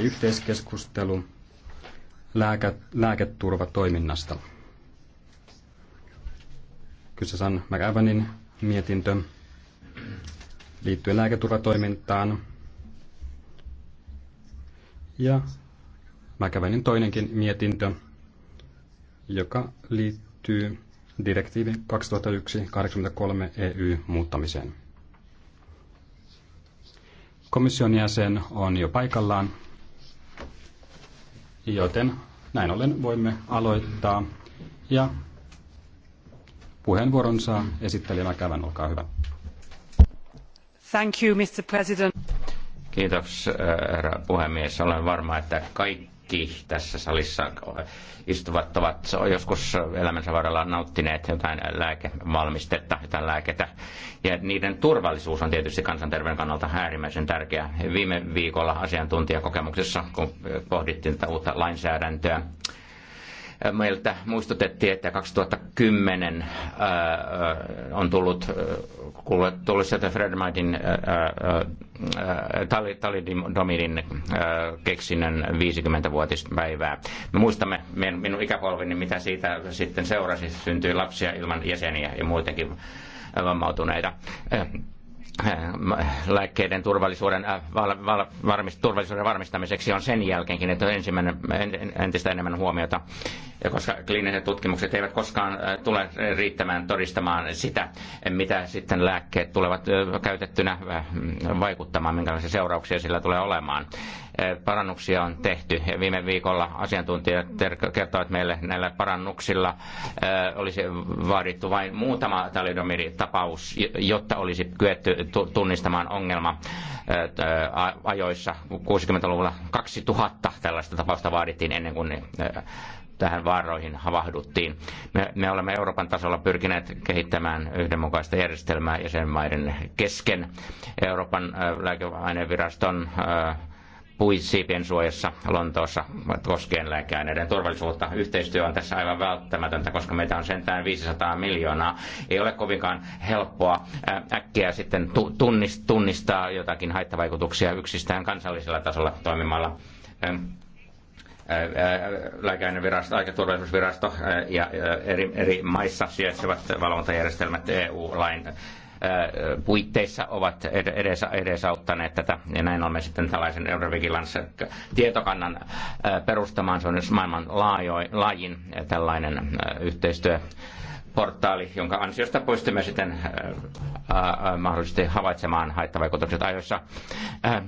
yhteiskeskustelu lääke, lääketurvatoiminnasta. Kyseessä on McAvanin mietintö liittyen lääketurvatoimintaan. Ja McAvanin toinenkin mietintö, joka liittyy direktiivin 2001-83 EY muuttamiseen. Komission jäsen on jo paikallaan. Joten näin ollen voimme aloittaa. Ja puheenvuoron saa esittelijä Mäkävän, olkaa hyvä. Thank you, Mr. President. Kiitos, eh, herra puhemies. Olen varma, että kaikki kaikki tässä salissa istuvat ovat joskus elämänsä varrella nauttineet jotain lääkevalmistetta, jotain lääketä. Ja niiden turvallisuus on tietysti kansanterveyden kannalta äärimmäisen tärkeä. Viime viikolla asiantuntijakokemuksessa, kun pohdittiin tätä uutta lainsäädäntöä, meiltä muistutettiin, että 2010 on tullut tullut sieltä Fredmaitin talidomidin keksinnön 50-vuotispäivää. Me muistamme minun ikäpolveni, mitä siitä sitten seurasi. Syntyi lapsia ilman jäseniä ja muutenkin vammautuneita. Äh, lääkkeiden turvallisuuden, äh, val, val, varmist, turvallisuuden varmistamiseksi on sen jälkeenkin, että on ensimmäinen, entistä enemmän huomiota, koska kliiniset tutkimukset eivät koskaan äh, tule riittämään todistamaan sitä, mitä sitten lääkkeet tulevat käytettynä vaikuttamaan, minkälaisia seurauksia sillä tulee olemaan parannuksia on tehty. Ja viime viikolla asiantuntijat kertoivat meille näillä parannuksilla äh, olisi vaadittu vain muutama talidomiritapaus, jotta olisi kyetty tunnistamaan ongelma äh, äh, ajoissa. 60-luvulla 2000 tällaista tapausta vaadittiin ennen kuin tähän vaaroihin havahduttiin. Me, me olemme Euroopan tasolla pyrkineet kehittämään yhdenmukaista järjestelmää jäsenmaiden kesken. Euroopan lääkeaineviraston ää, siipien suojassa Lontoossa koskien lääkeaineiden turvallisuutta. Yhteistyö on tässä aivan välttämätöntä, koska meitä on sentään 500 miljoonaa. Ei ole kovinkaan helppoa äkkiä sitten tunnistaa jotakin haittavaikutuksia yksistään kansallisella tasolla toimimalla lääkäinenvirasto, aikaturvallisuusvirasto ja eri, eri maissa sijaitsevat valvontajärjestelmät EU-lain puitteissa ovat edes, edesauttaneet tätä. Ja näin olemme sitten tällaisen Eurovigilance-tietokannan perustamaan. Se on maailman laajin tällainen yhteistyö portaali, jonka ansiosta pystymme sitten ää, mahdollisesti havaitsemaan haittavaikutukset ajoissa. Ää,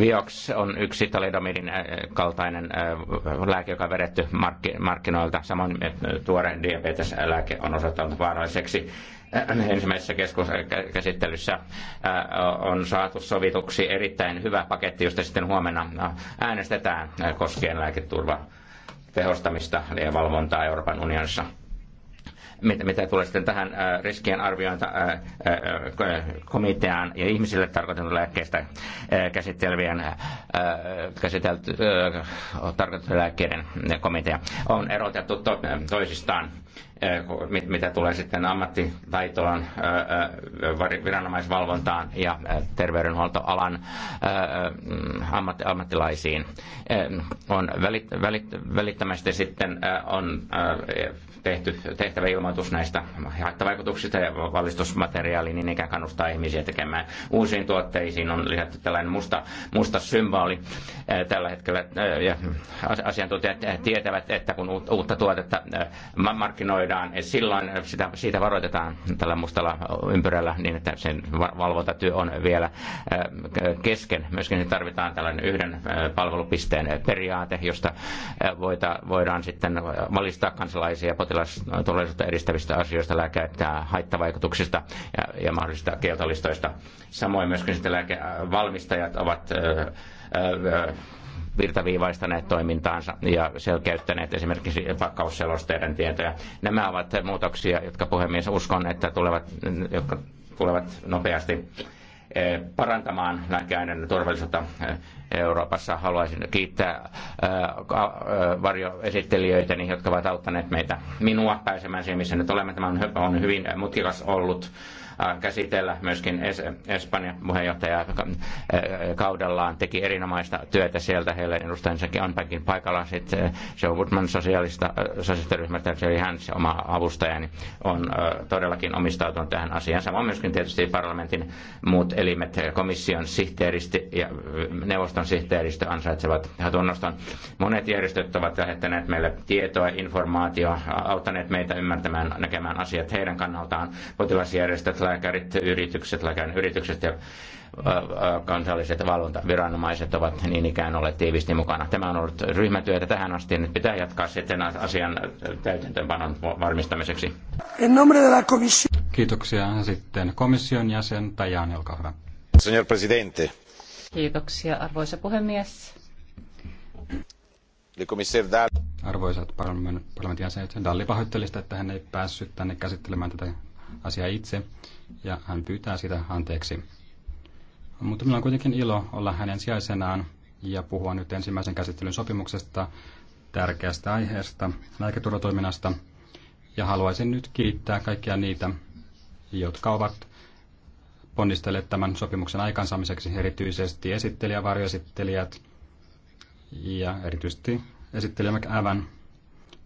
Viox on yksi talidomidin kaltainen lääke, joka on vedetty markkinoilta. Samoin tuore diabeteslääke on osoittanut vaaralliseksi. Äh, ensimmäisessä keskuskäsittelyssä äh, äh, on saatu sovituksi erittäin hyvä paketti, josta sitten huomenna äänestetään koskien lääketurva tehostamista ja valvontaa Euroopan unionissa mitä, mitä tulee sitten tähän äh, riskien arviointa äh, äh, komiteaan ja ihmisille tarkoitetun lääkkeistä käsittelevien käsitelty, tarkoitetun lääkkeiden komitea on erotettu to, toisistaan mitä tulee sitten ammattitaitoon, viranomaisvalvontaan ja terveydenhuoltoalan ammattilaisiin. On välittömästi sitten on tehty tehtävä ilmoitus näistä haittavaikutuksista ja valistusmateriaali niin ikään kannustaa ihmisiä tekemään uusiin tuotteisiin. On lisätty tällainen musta, musta symboli eh, tällä hetkellä. Eh, ja asiantuntijat eh, tietävät, että kun uutta tuotetta markkinoidaan, silloin sitä, siitä varoitetaan tällä mustalla ympyrällä niin, että sen valvontatyö on vielä kesken. Myöskin tarvitaan tällainen yhden palvelupisteen periaate, josta voidaan sitten valistaa kansalaisia potentiaalisia potilasturvallisuutta edistävistä asioista, lääke- haittavaikutuksista ja, ja mahdollisista kieltolistoista. Samoin myöskin sitten lääkevalmistajat ovat virtaviivaistaneet toimintaansa ja selkeyttäneet esimerkiksi pakkausselosteiden tietoja. Nämä ovat muutoksia, jotka puhemies uskon, että tulevat, jotka tulevat nopeasti Eh, parantamaan lääkeaineiden turvallisuutta eh, Euroopassa. Haluaisin kiittää eh, varjoesittelijöitä, jotka ovat auttaneet meitä minua pääsemään siihen, missä nyt olemme. Tämä on hyvin mutkikas ollut Äh, käsitellä. Myöskin Espanjan puheenjohtaja äh, kaudellaan teki erinomaista työtä sieltä. Heillä edustajansakin on päinkin paikalla. Sitten äh, se on Woodman sosiaalista, sosiaalista ryhmästä, eli hän, se oma avustajani, on todellakin omistautunut tähän asiaan. Samoin myöskin tietysti parlamentin muut elimet, komission sihteeristi ja neuvoston sihteeristö ansaitsevat tunnustan. Monet järjestöt ovat lähettäneet meille tietoa, informaatiota, auttaneet meitä ymmärtämään, näkemään asiat heidän kannaltaan. Potilasjärjestöt, lääkärit, yritykset, lääkärin yritykset ja kansalliset valvontaviranomaiset ovat niin ikään olleet tiivisti mukana. Tämä on ollut ryhmätyötä tähän asti. Nyt pitää jatkaa sitten asian täytäntöönpanon varmistamiseksi. Kiitoksia. Sitten komission jäsen Tajan, olkaa hyvä. Señor Presidente. Kiitoksia, arvoisa puhemies. Arvoisat parlamentin jäsenet, Dalli pahoittelista, että hän ei päässyt tänne käsittelemään tätä asiaa itse ja hän pyytää sitä anteeksi. Mutta minulla on kuitenkin ilo olla hänen sijaisenaan ja puhua nyt ensimmäisen käsittelyn sopimuksesta tärkeästä aiheesta, lääketurvatoiminnasta. Ja haluaisin nyt kiittää kaikkia niitä, jotka ovat ponnistelleet tämän sopimuksen aikansaamiseksi, erityisesti esittelijä, varjoesittelijät ja erityisesti esittelijä McAvan,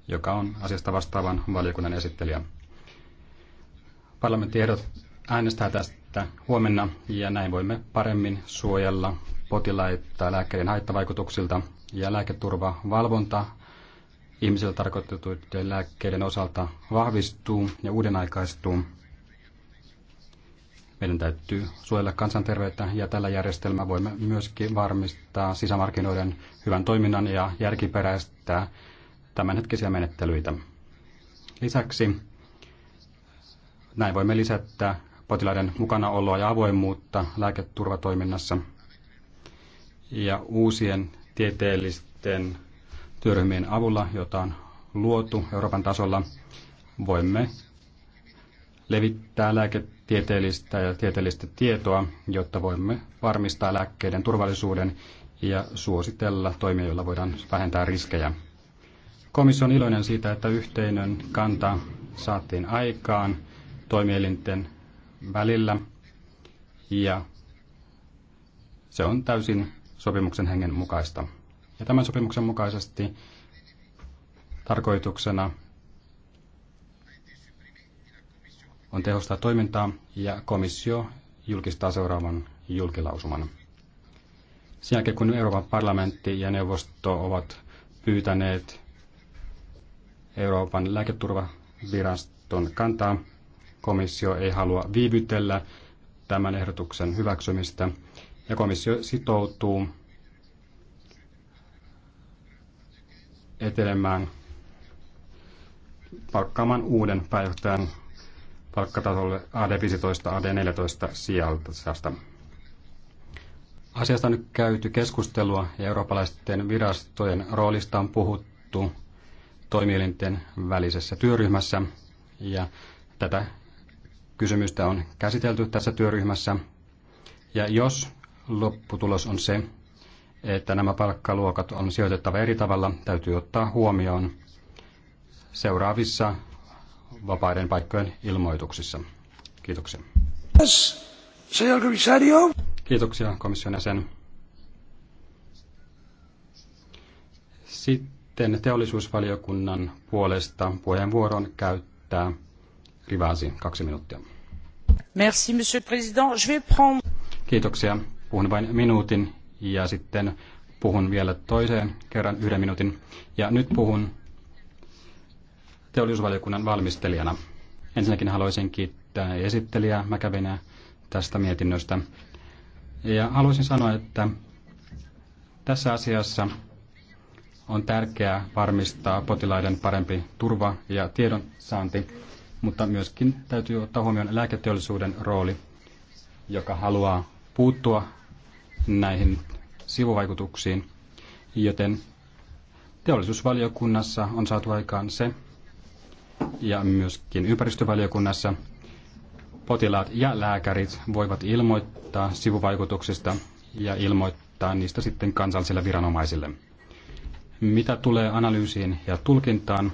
joka on asiasta vastaavan valiokunnan esittelijä. Parlamentti ehdottaa äänestää tästä huomenna ja näin voimme paremmin suojella potilaita lääkkeiden haittavaikutuksilta ja lääketurvavalvonta ihmisille tarkoitettujen lääkkeiden osalta vahvistuu ja uudenaikaistuu. Meidän täytyy suojella kansanterveyttä ja tällä järjestelmällä voimme myöskin varmistaa sisämarkkinoiden hyvän toiminnan ja järkiperäistää tämänhetkisiä menettelyitä. Lisäksi näin voimme lisätä potilaiden mukanaoloa ja avoimuutta lääketurvatoiminnassa ja uusien tieteellisten työryhmien avulla, jota on luotu Euroopan tasolla, voimme levittää lääketieteellistä ja tieteellistä tietoa, jotta voimme varmistaa lääkkeiden turvallisuuden ja suositella toimia, joilla voidaan vähentää riskejä. Komissio on iloinen siitä, että yhteinen kanta saatiin aikaan toimielinten välillä ja se on täysin sopimuksen hengen mukaista. Ja tämän sopimuksen mukaisesti tarkoituksena on tehostaa toimintaa ja komissio julkistaa seuraavan julkilausuman. Sen jälkeen kun Euroopan parlamentti ja neuvosto ovat pyytäneet Euroopan lääketurvaviraston kantaa, komissio ei halua viivytellä tämän ehdotuksen hyväksymistä ja komissio sitoutuu etelemään palkkaamaan uuden pääjohtajan palkkatasolle AD15 AD14 sijalta. Asiasta on nyt käyty keskustelua ja eurooppalaisten virastojen roolista on puhuttu toimielinten välisessä työryhmässä ja tätä kysymystä on käsitelty tässä työryhmässä. Ja jos lopputulos on se, että nämä palkkaluokat on sijoitettava eri tavalla, täytyy ottaa huomioon seuraavissa vapaiden paikkojen ilmoituksissa. Kiitoksia. Kiitoksia komission jäsen. Sitten teollisuusvaliokunnan puolesta puheenvuoron käyttää Rivasi, kaksi minuuttia. Merci, monsieur le président. Je vais prendre... Kiitoksia. Puhun vain minuutin ja sitten puhun vielä toiseen kerran yhden minuutin. Ja nyt puhun teollisuusvaliokunnan valmistelijana. Ensinnäkin haluaisin kiittää esittelijää Mäkävenä tästä mietinnöstä. Ja haluaisin sanoa, että tässä asiassa on tärkeää varmistaa potilaiden parempi turva ja tiedonsaanti mutta myöskin täytyy ottaa huomioon lääketeollisuuden rooli, joka haluaa puuttua näihin sivuvaikutuksiin, joten teollisuusvaliokunnassa on saatu aikaan se, ja myöskin ympäristövaliokunnassa potilaat ja lääkärit voivat ilmoittaa sivuvaikutuksista ja ilmoittaa niistä sitten kansallisille viranomaisille. Mitä tulee analyysiin ja tulkintaan,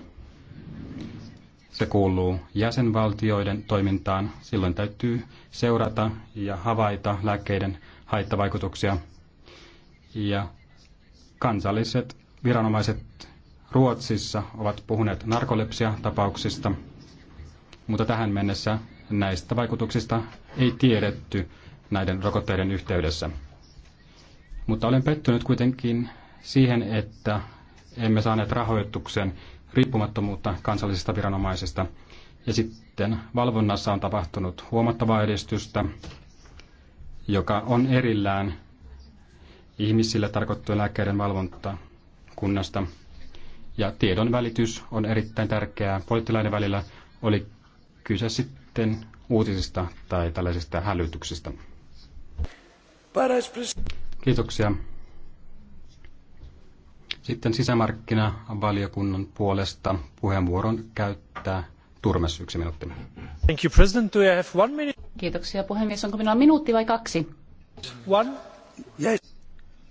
se kuuluu jäsenvaltioiden toimintaan. Silloin täytyy seurata ja havaita lääkkeiden haittavaikutuksia. Ja kansalliset viranomaiset Ruotsissa ovat puhuneet narkolepsia-tapauksista, mutta tähän mennessä näistä vaikutuksista ei tiedetty näiden rokotteiden yhteydessä. Mutta olen pettynyt kuitenkin siihen, että emme saaneet rahoituksen riippumattomuutta kansallisista viranomaisista. Ja sitten valvonnassa on tapahtunut huomattavaa edistystä, joka on erillään ihmisille tarkoittujen lääkkeiden valvonta kunnasta. Ja tiedon välitys on erittäin tärkeää poliittilainen välillä, oli kyse sitten uutisista tai tällaisista hälytyksistä. Kiitoksia. Sitten sisämarkkinavaliokunnan puolesta puheenvuoron käyttää Turmes yksi minuutti. Thank you, President. Do I have one minute? Kiitoksia puhemies. Onko minulla minuutti vai kaksi? One. Yes.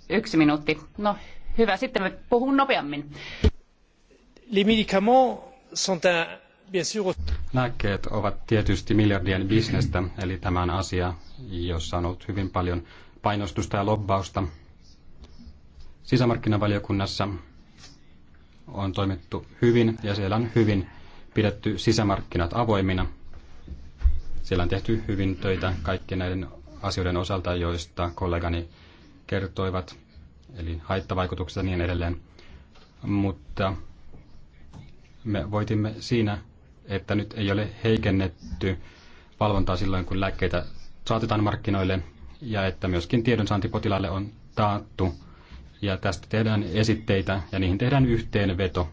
Yksi minuutti. No hyvä, sitten me puhun nopeammin. Les médicaments sont un, bien sûr... Lääkkeet ovat tietysti miljardien bisnestä, eli tämä on asia, jossa on ollut hyvin paljon painostusta ja lobbausta sisämarkkinavaliokunnassa on toimittu hyvin ja siellä on hyvin pidetty sisämarkkinat avoimina. Siellä on tehty hyvin töitä kaikkien näiden asioiden osalta, joista kollegani kertoivat, eli haittavaikutukset ja niin edelleen. Mutta me voitimme siinä, että nyt ei ole heikennetty valvontaa silloin, kun lääkkeitä saatetaan markkinoille, ja että myöskin tiedonsaanti potilaalle on taattu ja tästä tehdään esitteitä ja niihin tehdään yhteenveto.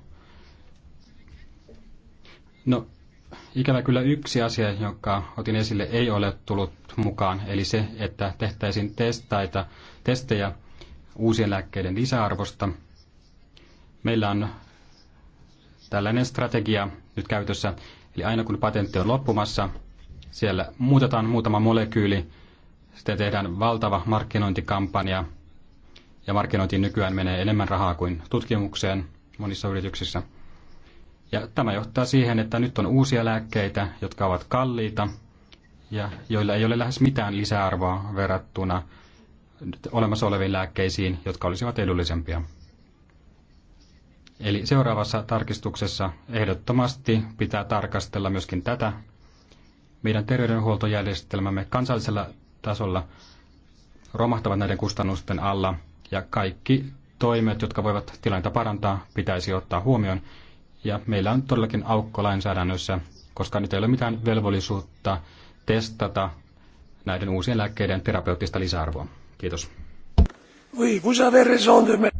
No, ikävä kyllä yksi asia, jonka otin esille, ei ole tullut mukaan, eli se, että tehtäisiin testaita, testejä uusien lääkkeiden lisäarvosta. Meillä on tällainen strategia nyt käytössä, eli aina kun patentti on loppumassa, siellä muutetaan muutama molekyyli, sitten tehdään valtava markkinointikampanja – ja markkinointiin nykyään menee enemmän rahaa kuin tutkimukseen monissa yrityksissä. Ja tämä johtaa siihen, että nyt on uusia lääkkeitä, jotka ovat kalliita ja joilla ei ole lähes mitään lisäarvoa verrattuna olemassa oleviin lääkkeisiin, jotka olisivat edullisempia. Eli seuraavassa tarkistuksessa ehdottomasti pitää tarkastella myöskin tätä. Meidän terveydenhuoltojärjestelmämme kansallisella tasolla romahtavat näiden kustannusten alla – ja kaikki toimet, jotka voivat tilannetta parantaa, pitäisi ottaa huomioon. Ja meillä on todellakin aukko lainsäädännössä, koska nyt ei ole mitään velvollisuutta testata näiden uusien lääkkeiden terapeuttista lisäarvoa. Kiitos. Oui, vous avez raison de me...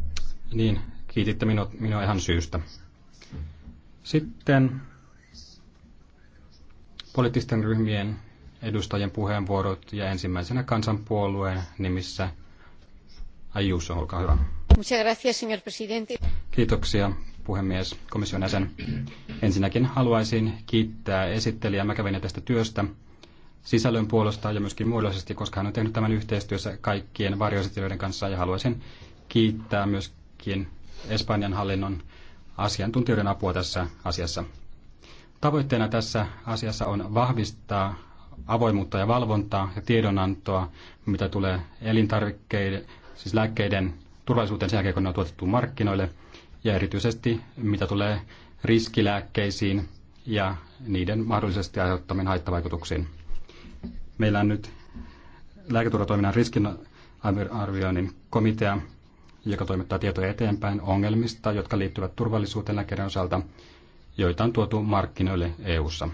Niin, kiititte minua, minua ihan syystä. Sitten poliittisten ryhmien edustajien puheenvuorot ja ensimmäisenä kansanpuolueen nimissä Ayuso, olkaa hyvä. Muchas gracias, señor presidente. Kiitoksia, puhemies, komission jäsen. Ensinnäkin haluaisin kiittää esittelijä Mäkäveniä tästä työstä sisällön puolesta ja myöskin muodollisesti, koska hän on tehnyt tämän yhteistyössä kaikkien varjoesittelijöiden kanssa ja haluaisin kiittää myöskin Espanjan hallinnon asiantuntijoiden apua tässä asiassa. Tavoitteena tässä asiassa on vahvistaa avoimuutta ja valvontaa ja tiedonantoa, mitä tulee elintarvikkeiden, siis lääkkeiden turvallisuuteen sen jälkeen, kun ne on tuotettu markkinoille, ja erityisesti mitä tulee riskilääkkeisiin ja niiden mahdollisesti aiheuttamiin haittavaikutuksiin. Meillä on nyt lääketurvatoiminnan riskinarvioinnin komitea, joka toimittaa tietoja eteenpäin ongelmista, jotka liittyvät turvallisuuteen lääkkeiden osalta, joita on tuotu markkinoille EU:ssa.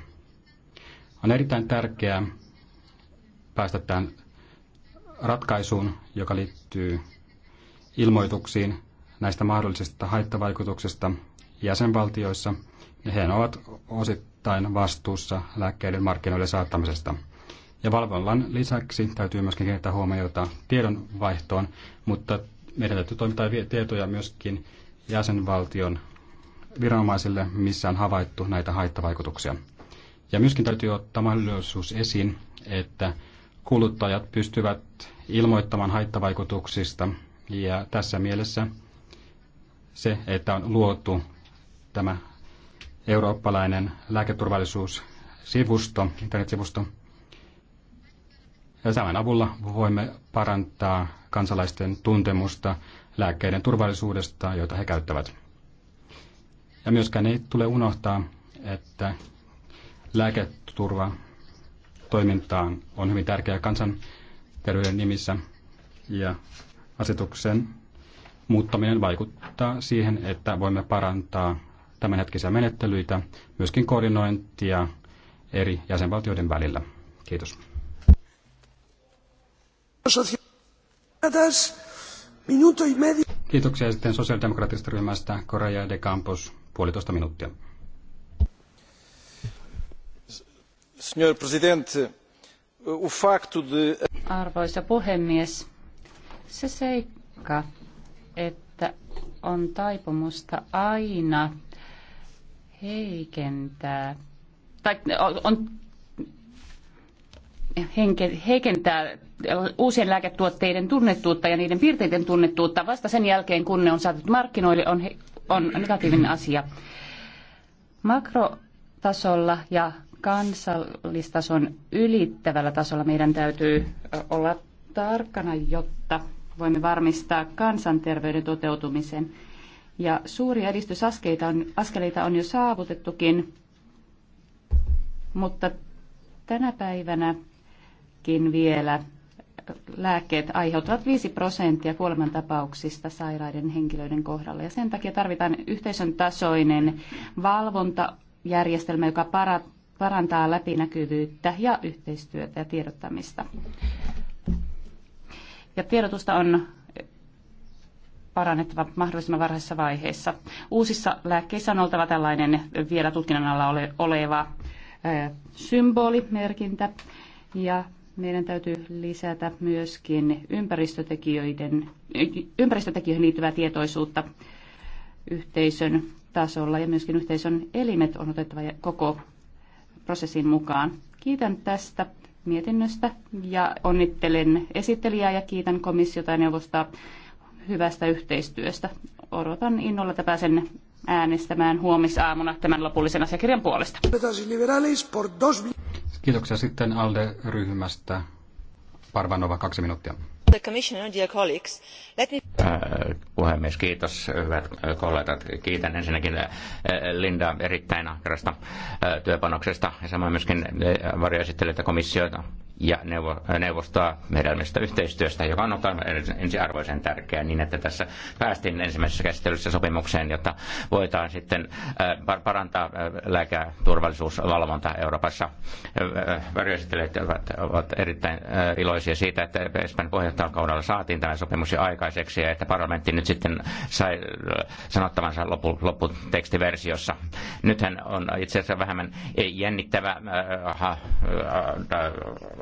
On erittäin tärkeää päästä tähän ratkaisuun, joka liittyy liittyy ilmoituksiin näistä mahdollisista haittavaikutuksista jäsenvaltioissa, ja he ovat osittain vastuussa lääkkeiden markkinoille saattamisesta. Ja valvonnan lisäksi täytyy myöskin kiinnittää huomiota tiedonvaihtoon, mutta meidän täytyy toimittaa tietoja myöskin jäsenvaltion viranomaisille, missä on havaittu näitä haittavaikutuksia. Ja myöskin täytyy ottaa mahdollisuus esiin, että kuluttajat pystyvät ilmoittamaan haittavaikutuksista. Ja tässä mielessä se, että on luotu tämä eurooppalainen lääketurvallisuussivusto, internetsivusto, ja tämän avulla voimme parantaa kansalaisten tuntemusta lääkkeiden turvallisuudesta, joita he käyttävät. Ja myöskään ei tule unohtaa, että lääketurva Toimintaan on hyvin tärkeää kansanterveyden nimissä ja asetuksen muuttaminen vaikuttaa siihen, että voimme parantaa tämänhetkisiä menettelyitä, myöskin koordinointia eri jäsenvaltioiden välillä. Kiitos. Kiitoksia sitten sosiaalidemokraattisesta ryhmästä Korea de Campos, puolitoista minuuttia. Arvoisa puhemies, se seikka, että on taipumusta aina heikentää, tai on heikentää uusien lääketuotteiden tunnettuutta ja niiden piirteiden tunnettuutta vasta sen jälkeen, kun ne on saatu markkinoille, on, on negatiivinen asia. Makrotasolla ja kansallistason ylittävällä tasolla meidän täytyy olla tarkkana, jotta voimme varmistaa kansanterveyden toteutumisen. Ja suuria edistysaskeleita on, askeleita on jo saavutettukin, mutta tänä päivänäkin vielä lääkkeet aiheuttavat 5 prosenttia kuolemantapauksista sairaiden henkilöiden kohdalla. Ja sen takia tarvitaan yhteisön tasoinen valvontajärjestelmä, joka para, parantaa läpinäkyvyyttä ja yhteistyötä ja tiedottamista. Ja tiedotusta on parannettava mahdollisimman varhaisessa vaiheessa. Uusissa lääkkeissä on oltava tällainen vielä tutkinnan alla ole, oleva ää, symbolimerkintä ja meidän täytyy lisätä myöskin ympäristötekijöiden, ympäristötekijöihin liittyvää tietoisuutta yhteisön tasolla ja myöskin yhteisön elimet on otettava koko prosessin mukaan. Kiitän tästä mietinnöstä ja onnittelen esittelijää ja kiitän komissiota ja neuvostoa hyvästä yhteistyöstä. Odotan innolla, että pääsen äänestämään huomisaamuna tämän lopullisen asiakirjan puolesta. Kiitoksia sitten ALDE-ryhmästä. Parvanova, kaksi minuuttia. The commissioner, dear colleagues, let me puhemies. Kiitos, hyvät kollegat. Kiitän ensinnäkin äh, Linda erittäin ahkerasta äh, työpanoksesta ja samoin myöskin äh, varjoesittelijöitä komissioita ja äh, neuvostoa hedelmästä yhteistyöstä, joka on ensiarvoisen tärkeää niin, että tässä päästiin ensimmäisessä käsittelyssä sopimukseen, jotta voidaan sitten äh, parantaa äh, lääketurvallisuusvalvontaa Euroopassa. Värjäsittelijät ovat, ovat erittäin iloisia siitä, että Espanjan kaudella saatiin tämä sopimus jo aikaiseksi ja että parlamentti nyt sitten sai sanottavansa loppu, lopputekstiversiossa. Nythän on itse asiassa vähemmän jännittävä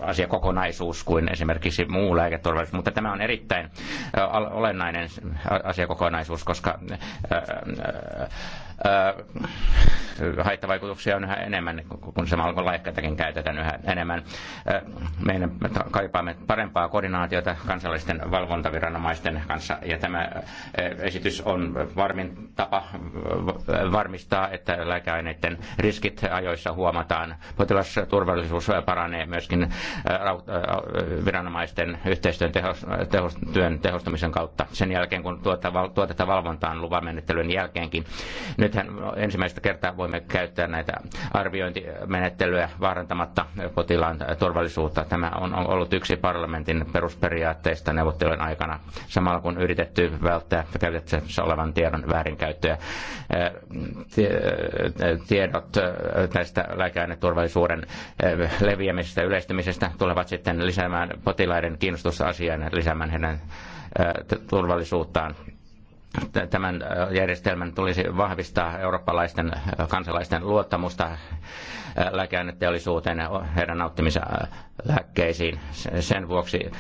asiakokonaisuus kuin esimerkiksi muu lääketurvallisuus, mutta tämä on erittäin olennainen asiakokonaisuus, koska haittavaikutuksia on yhä enemmän, kun se laikkaitakin käytetään yhä enemmän. Meidän kaipaamme parempaa koordinaatiota kansallisten valvontaviranomaisten kanssa, ja tämä esitys on varmin tapa varmistaa, että lääkeaineiden riskit ajoissa huomataan. Potilasturvallisuus paranee myöskin viranomaisten yhteistyön tehostamisen kautta sen jälkeen, kun tuota tuotetta valvontaan luvamenettelyn jälkeenkin Nythän ensimmäistä kertaa voimme käyttää näitä arviointimenettelyjä vaarantamatta potilaan turvallisuutta. Tämä on ollut yksi parlamentin perusperiaatteista neuvottelujen aikana, samalla kun yritetty välttää käytettävissä olevan tiedon väärinkäyttöä. Tiedot tästä lääkeaineturvallisuuden leviämisestä ja yleistymisestä tulevat sitten lisäämään potilaiden kiinnostusta asiaan ja lisäämään heidän turvallisuuttaan tämän järjestelmän tulisi vahvistaa eurooppalaisten kansalaisten luottamusta lääkeaineteollisuuteen ja heidän nauttimisen lääkkeisiin. Sen vuoksi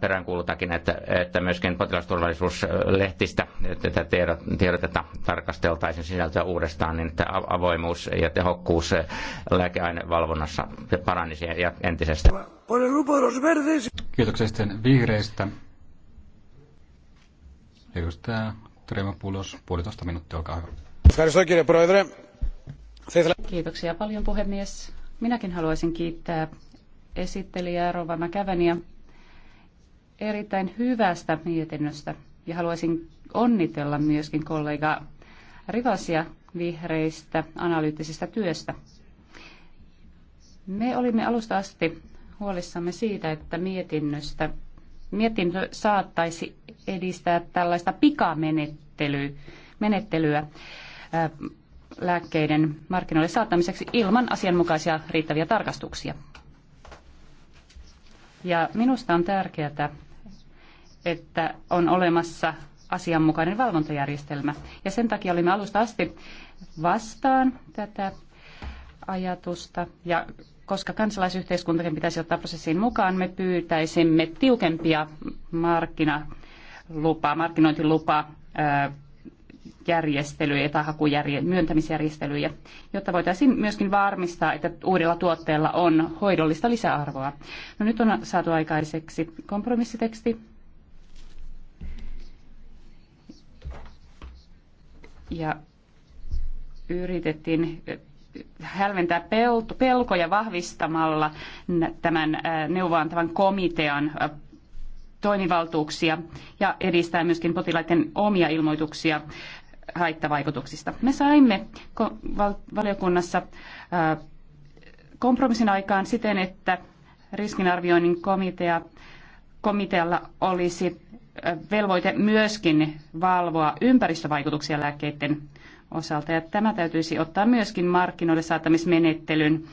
peräänkuulutakin, että, että myöskin potilasturvallisuuslehtistä tätä tiedotetta tarkasteltaisiin sisältöä uudestaan, niin että avoimuus ja tehokkuus lääkeainevalvonnassa paranisi ja entisestä. Kiitoksia sitten vihreistä. Edustaja Tremopoulos, puolitoista minuuttia, olkaa hyvä. Kiitoksia paljon puhemies. Minäkin haluaisin kiittää esittelijää Rova Mäkäväniä erittäin hyvästä mietinnöstä ja haluaisin onnitella myöskin kollega Rivasia vihreistä analyyttisestä työstä. Me olimme alusta asti huolissamme siitä, että mietinnöstä mietintö saattaisi edistää tällaista pikamenettelyä lääkkeiden markkinoille saattamiseksi ilman asianmukaisia riittäviä tarkastuksia. Ja minusta on tärkeää, että on olemassa asianmukainen valvontajärjestelmä. Ja sen takia olimme alusta asti vastaan tätä ajatusta ja koska kansalaisyhteiskuntakin pitäisi ottaa prosessiin mukaan, me pyytäisimme tiukempia markkinalupa, markkinointilupa järjestelyjä tai hakujärje, myöntämisjärjestelyjä, jotta voitaisiin myöskin varmistaa, että uudella tuotteella on hoidollista lisäarvoa. No nyt on saatu aikaiseksi kompromissiteksti, ja yritettiin hälventää pelkoja vahvistamalla tämän äh, neuvoantavan komitean äh, toimivaltuuksia ja edistää myöskin potilaiden omia ilmoituksia haittavaikutuksista. Me saimme valiokunnassa äh, kompromissin aikaan siten, että riskinarvioinnin komitea, komitealla olisi velvoite myöskin valvoa ympäristövaikutuksia lääkkeiden osalta. Ja tämä täytyisi ottaa myöskin markkinoille saattamismenettelyn,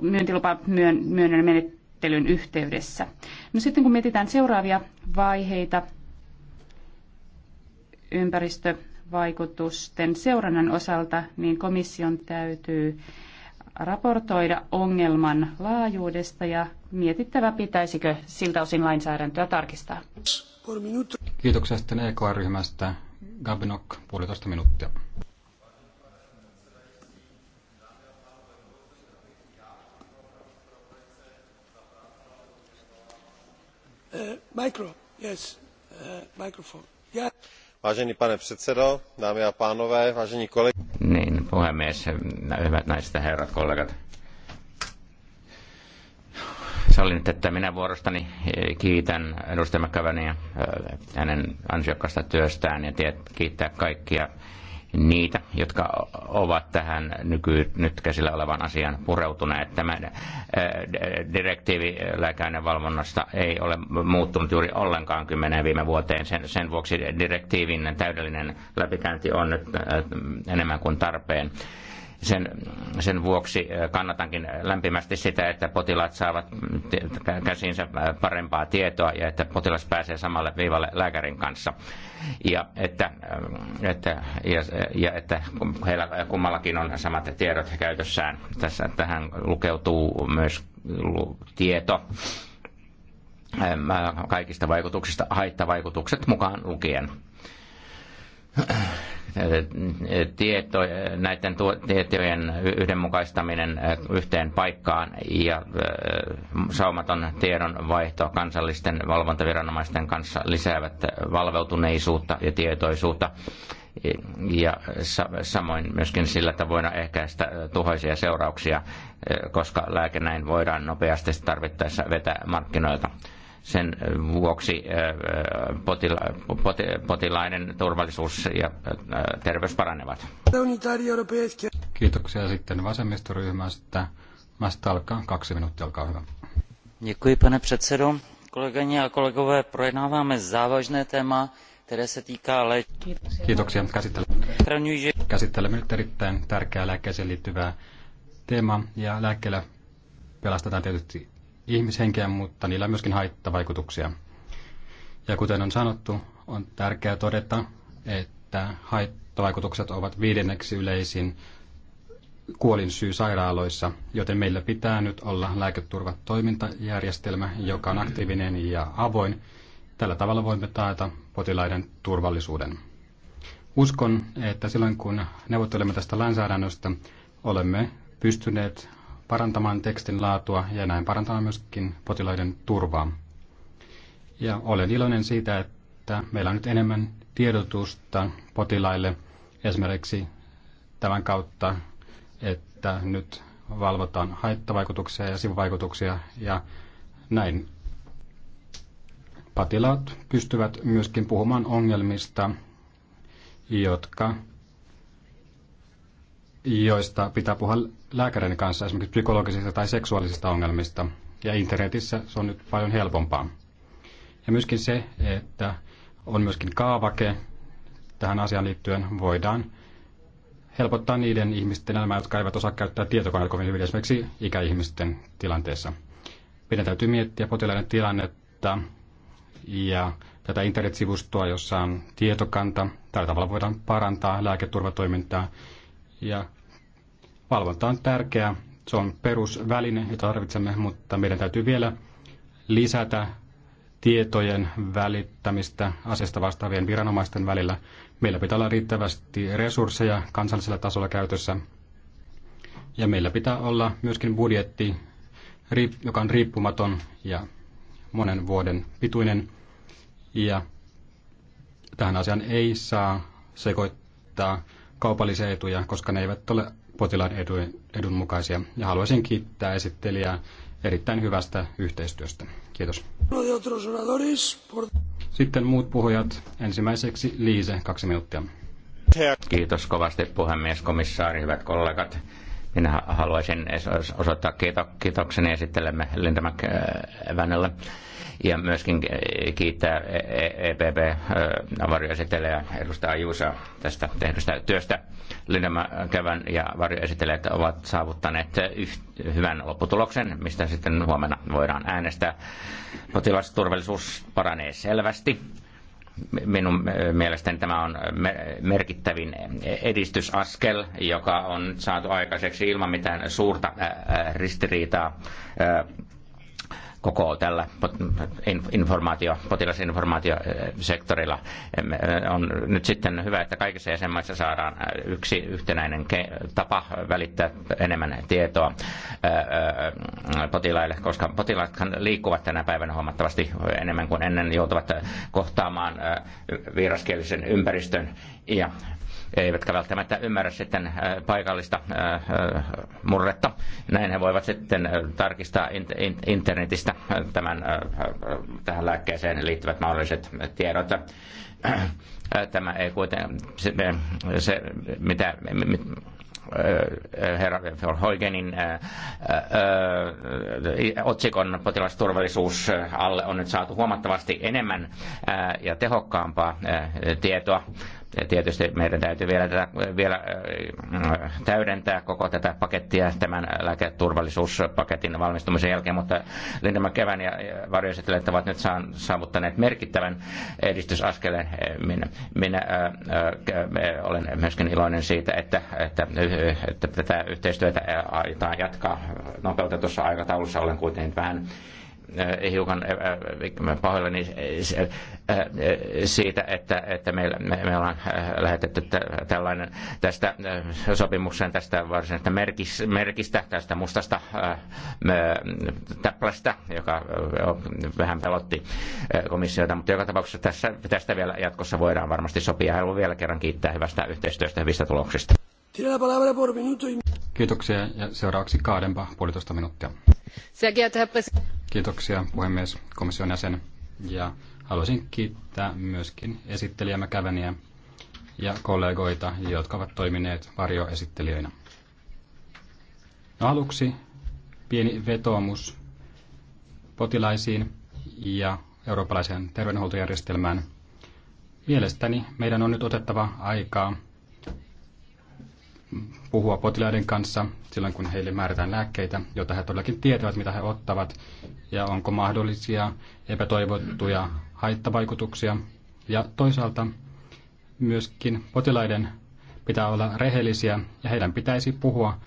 myyntilupa myönnön menettelyn yhteydessä. No sitten kun mietitään seuraavia vaiheita, ympäristövaikutusten seurannan osalta, niin komission täytyy raportoida ongelman laajuudesta ja mietittävä, pitäisikö siltä osin lainsäädäntöä tarkistaa. Kiitoksia sitten EKR-ryhmästä. Gabinok, puolitoista minuuttia. Eh, eh, pane předsedo dámy a pánové vážení kolegy. niin puhemies hyvät naiset ja herrat kollegat sallinut, että minä vuorostani eh, kiitän edustaja McCavania eh, hänen ansiokkaasta työstään ja kiittää kaikkia niitä, jotka ovat tähän nyky, nyt käsillä olevan asian pureutuneet. Tämä eh, direktiivi lääkäinen valvonnasta ei ole muuttunut juuri ollenkaan kymmenen viime vuoteen. Sen, sen vuoksi direktiivin täydellinen läpikäynti on nyt enemmän kuin tarpeen. Sen, sen vuoksi äh, kannatankin lämpimästi sitä, että potilaat saavat käsinsä äh, parempaa tietoa ja että potilas pääsee samalle viivalle lääkärin kanssa. Ja että, äh, että, ja, ja että heillä kummallakin on samat tiedot käytössään. Tässä, tähän lukeutuu myös tieto ähm, kaikista vaikutuksista, haittavaikutukset mukaan lukien tieto, näiden tietojen yhdenmukaistaminen yhteen paikkaan ja saumaton tiedonvaihto kansallisten valvontaviranomaisten kanssa lisäävät valveutuneisuutta ja tietoisuutta ja samoin myöskin sillä tavoin ehkäistä tuhoisia seurauksia, koska lääke näin voidaan nopeasti tarvittaessa vetää markkinoilta. Sen vuoksi äh, äh, potila, pot, potilaiden turvallisuus ja äh, terveys paranevat. Kiitoksia sitten vasemmistoryhmästä. alkaa kaksi minuuttia, olkaa hyvä. Děkuji, pane předsedo. Kolegyně a kolegové, projednáváme závažné téma, které se týká léč... Kiitoksia. Käsittelemme. Käsittelemme nyt erittäin tärkeää lääkkeeseen liittyvää teemaa ja lääkkeellä pelastetaan tietysti ihmishenkeä, mutta niillä on myöskin haittavaikutuksia. Ja kuten on sanottu, on tärkeää todeta, että haittavaikutukset ovat viidenneksi yleisin kuolinsyy sairaaloissa, joten meillä pitää nyt olla lääketurvatoimintajärjestelmä, joka on aktiivinen ja avoin. Tällä tavalla voimme taata potilaiden turvallisuuden. Uskon, että silloin kun neuvottelemme tästä lainsäädännöstä, olemme pystyneet parantamaan tekstin laatua ja näin parantamaan myöskin potilaiden turvaa. Ja olen iloinen siitä, että meillä on nyt enemmän tiedotusta potilaille esimerkiksi tämän kautta, että nyt valvotaan haittavaikutuksia ja sivuvaikutuksia ja näin potilaat pystyvät myöskin puhumaan ongelmista, jotka joista pitää puhua lääkärin kanssa, esimerkiksi psykologisista tai seksuaalisista ongelmista. Ja internetissä se on nyt paljon helpompaa. Ja myöskin se, että on myöskin kaavake tähän asiaan liittyen, voidaan helpottaa niiden ihmisten elämää, jotka eivät osaa käyttää tietokoneita kovin hyvin, esimerkiksi ikäihmisten tilanteessa. Meidän täytyy miettiä potilaiden tilannetta ja tätä internetsivustoa, jossa on tietokanta. Tällä tavalla voidaan parantaa lääketurvatoimintaa ja Valvonta on tärkeää, se on perusväline, jota tarvitsemme, mutta meidän täytyy vielä lisätä tietojen välittämistä asiasta vastaavien viranomaisten välillä. Meillä pitää olla riittävästi resursseja kansallisella tasolla käytössä. Ja meillä pitää olla myöskin budjetti, joka on riippumaton ja monen vuoden pituinen. Ja tähän asiaan ei saa sekoittaa kaupallisia etuja, koska ne eivät ole potilaan edun, edun mukaisia. Ja haluaisin kiittää esittelijää erittäin hyvästä yhteistyöstä. Kiitos. Sitten muut puhujat. Ensimmäiseksi Liise, kaksi minuuttia. Kiitos kovasti puhemies, komissaari, hyvät kollegat. Minä haluaisin osoittaa kiitokseni esittelemme Linda McVannelle ja myöskin kiittää EPP e- e varjoesittelijä edustaja Juusa tästä tehdystä työstä. Linda Kävän ja varjoesittelijät ovat saavuttaneet hyvän lopputuloksen, mistä sitten huomenna voidaan äänestää. Potilasturvallisuus paranee selvästi minun eh, mielestäni tämä on eh, merkittävin eh, edistysaskel, joka on saatu aikaiseksi ilman mitään suurta ristiriitaa koko tällä informaatio, potilasinformaatiosektorilla. On nyt sitten hyvä, että kaikissa jäsenmaissa saadaan yksi yhtenäinen tapa välittää enemmän tietoa potilaille, koska potilaat liikkuvat tänä päivänä huomattavasti enemmän kuin ennen, joutuvat kohtaamaan vieraskielisen ympäristön ja eivätkä välttämättä ymmärrä sitten äh, paikallista äh, äh, murretta. Näin he voivat sitten tarkistaa internetistä tämän, tähän lääkkeeseen liittyvät mahdolliset tiedot tämä ei kuitenkaan, se, mitä herra Hoigenin otsikon potilasturvallisuus alle on nyt saatu huomattavasti enemmän ja tehokkaampaa tietoa Tietysti meidän täytyy vielä, tätä, vielä äh, täydentää koko tätä pakettia tämän lääketurvallisuuspaketin valmistumisen jälkeen, mutta Lindemann Kevän ja varjoesittelijät ovat nyt saavuttaneet merkittävän edistysaskeleen. Minä, minä ää, äh, ää, äh, olen myöskin iloinen siitä, että, että, että tätä yhteistyötä aiotaan jatkaa nopeutetussa aikataulussa. Olen kuitenkin vähän Äh, hiukan äh, äh, pahoillani siitä, että, että meillä, me, me ollaan lähetetty tällainen tästä sopimukseen tästä varsinaisesta merkistä, tästä mustasta täplästä, joka vähän pelotti komissiota, mutta joka tapauksessa tässä, tästä vielä jatkossa voidaan varmasti sopia. Haluan vielä kerran kiittää hyvästä yhteistyöstä ja hyvistä tuloksista. Kiitoksia ja seuraavaksi kaadempa puolitoista minuuttia. Kiitoksia puhemies, komission jäsen ja haluaisin kiittää myöskin esittelijämme käveniä ja kollegoita, jotka ovat toimineet varjoesittelijöinä. No aluksi pieni vetoomus potilaisiin ja eurooppalaiseen terveydenhuoltojärjestelmään. Mielestäni meidän on nyt otettava aikaa puhua potilaiden kanssa silloin, kun heille määrätään lääkkeitä, jotta he todellakin tietävät, mitä he ottavat ja onko mahdollisia epätoivottuja haittavaikutuksia. Ja toisaalta myöskin potilaiden pitää olla rehellisiä ja heidän pitäisi puhua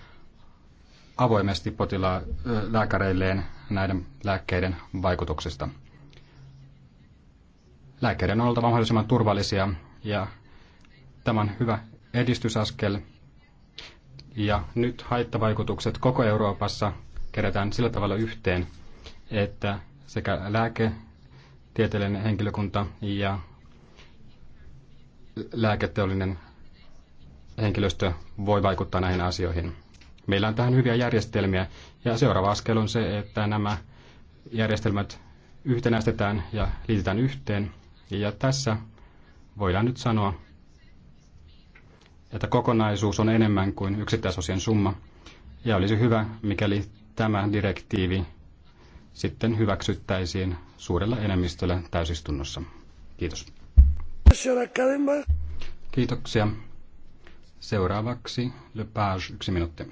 avoimesti potila- lääkäreilleen näiden lääkkeiden vaikutuksista. Lääkkeiden on oltava mahdollisimman turvallisia ja tämä on hyvä edistysaskel ja nyt haittavaikutukset koko Euroopassa kerätään sillä tavalla yhteen, että sekä lääketieteellinen henkilökunta ja lääketeollinen henkilöstö voi vaikuttaa näihin asioihin. Meillä on tähän hyviä järjestelmiä ja seuraava askel on se, että nämä järjestelmät yhtenäistetään ja liitetään yhteen. Ja tässä voidaan nyt sanoa, että kokonaisuus on enemmän kuin yksittäisosien summa. Ja olisi hyvä, mikäli tämä direktiivi sitten hyväksyttäisiin suurella enemmistöllä täysistunnossa. Kiitos. Kiitoksia. Seuraavaksi Le Page, yksi minuutti.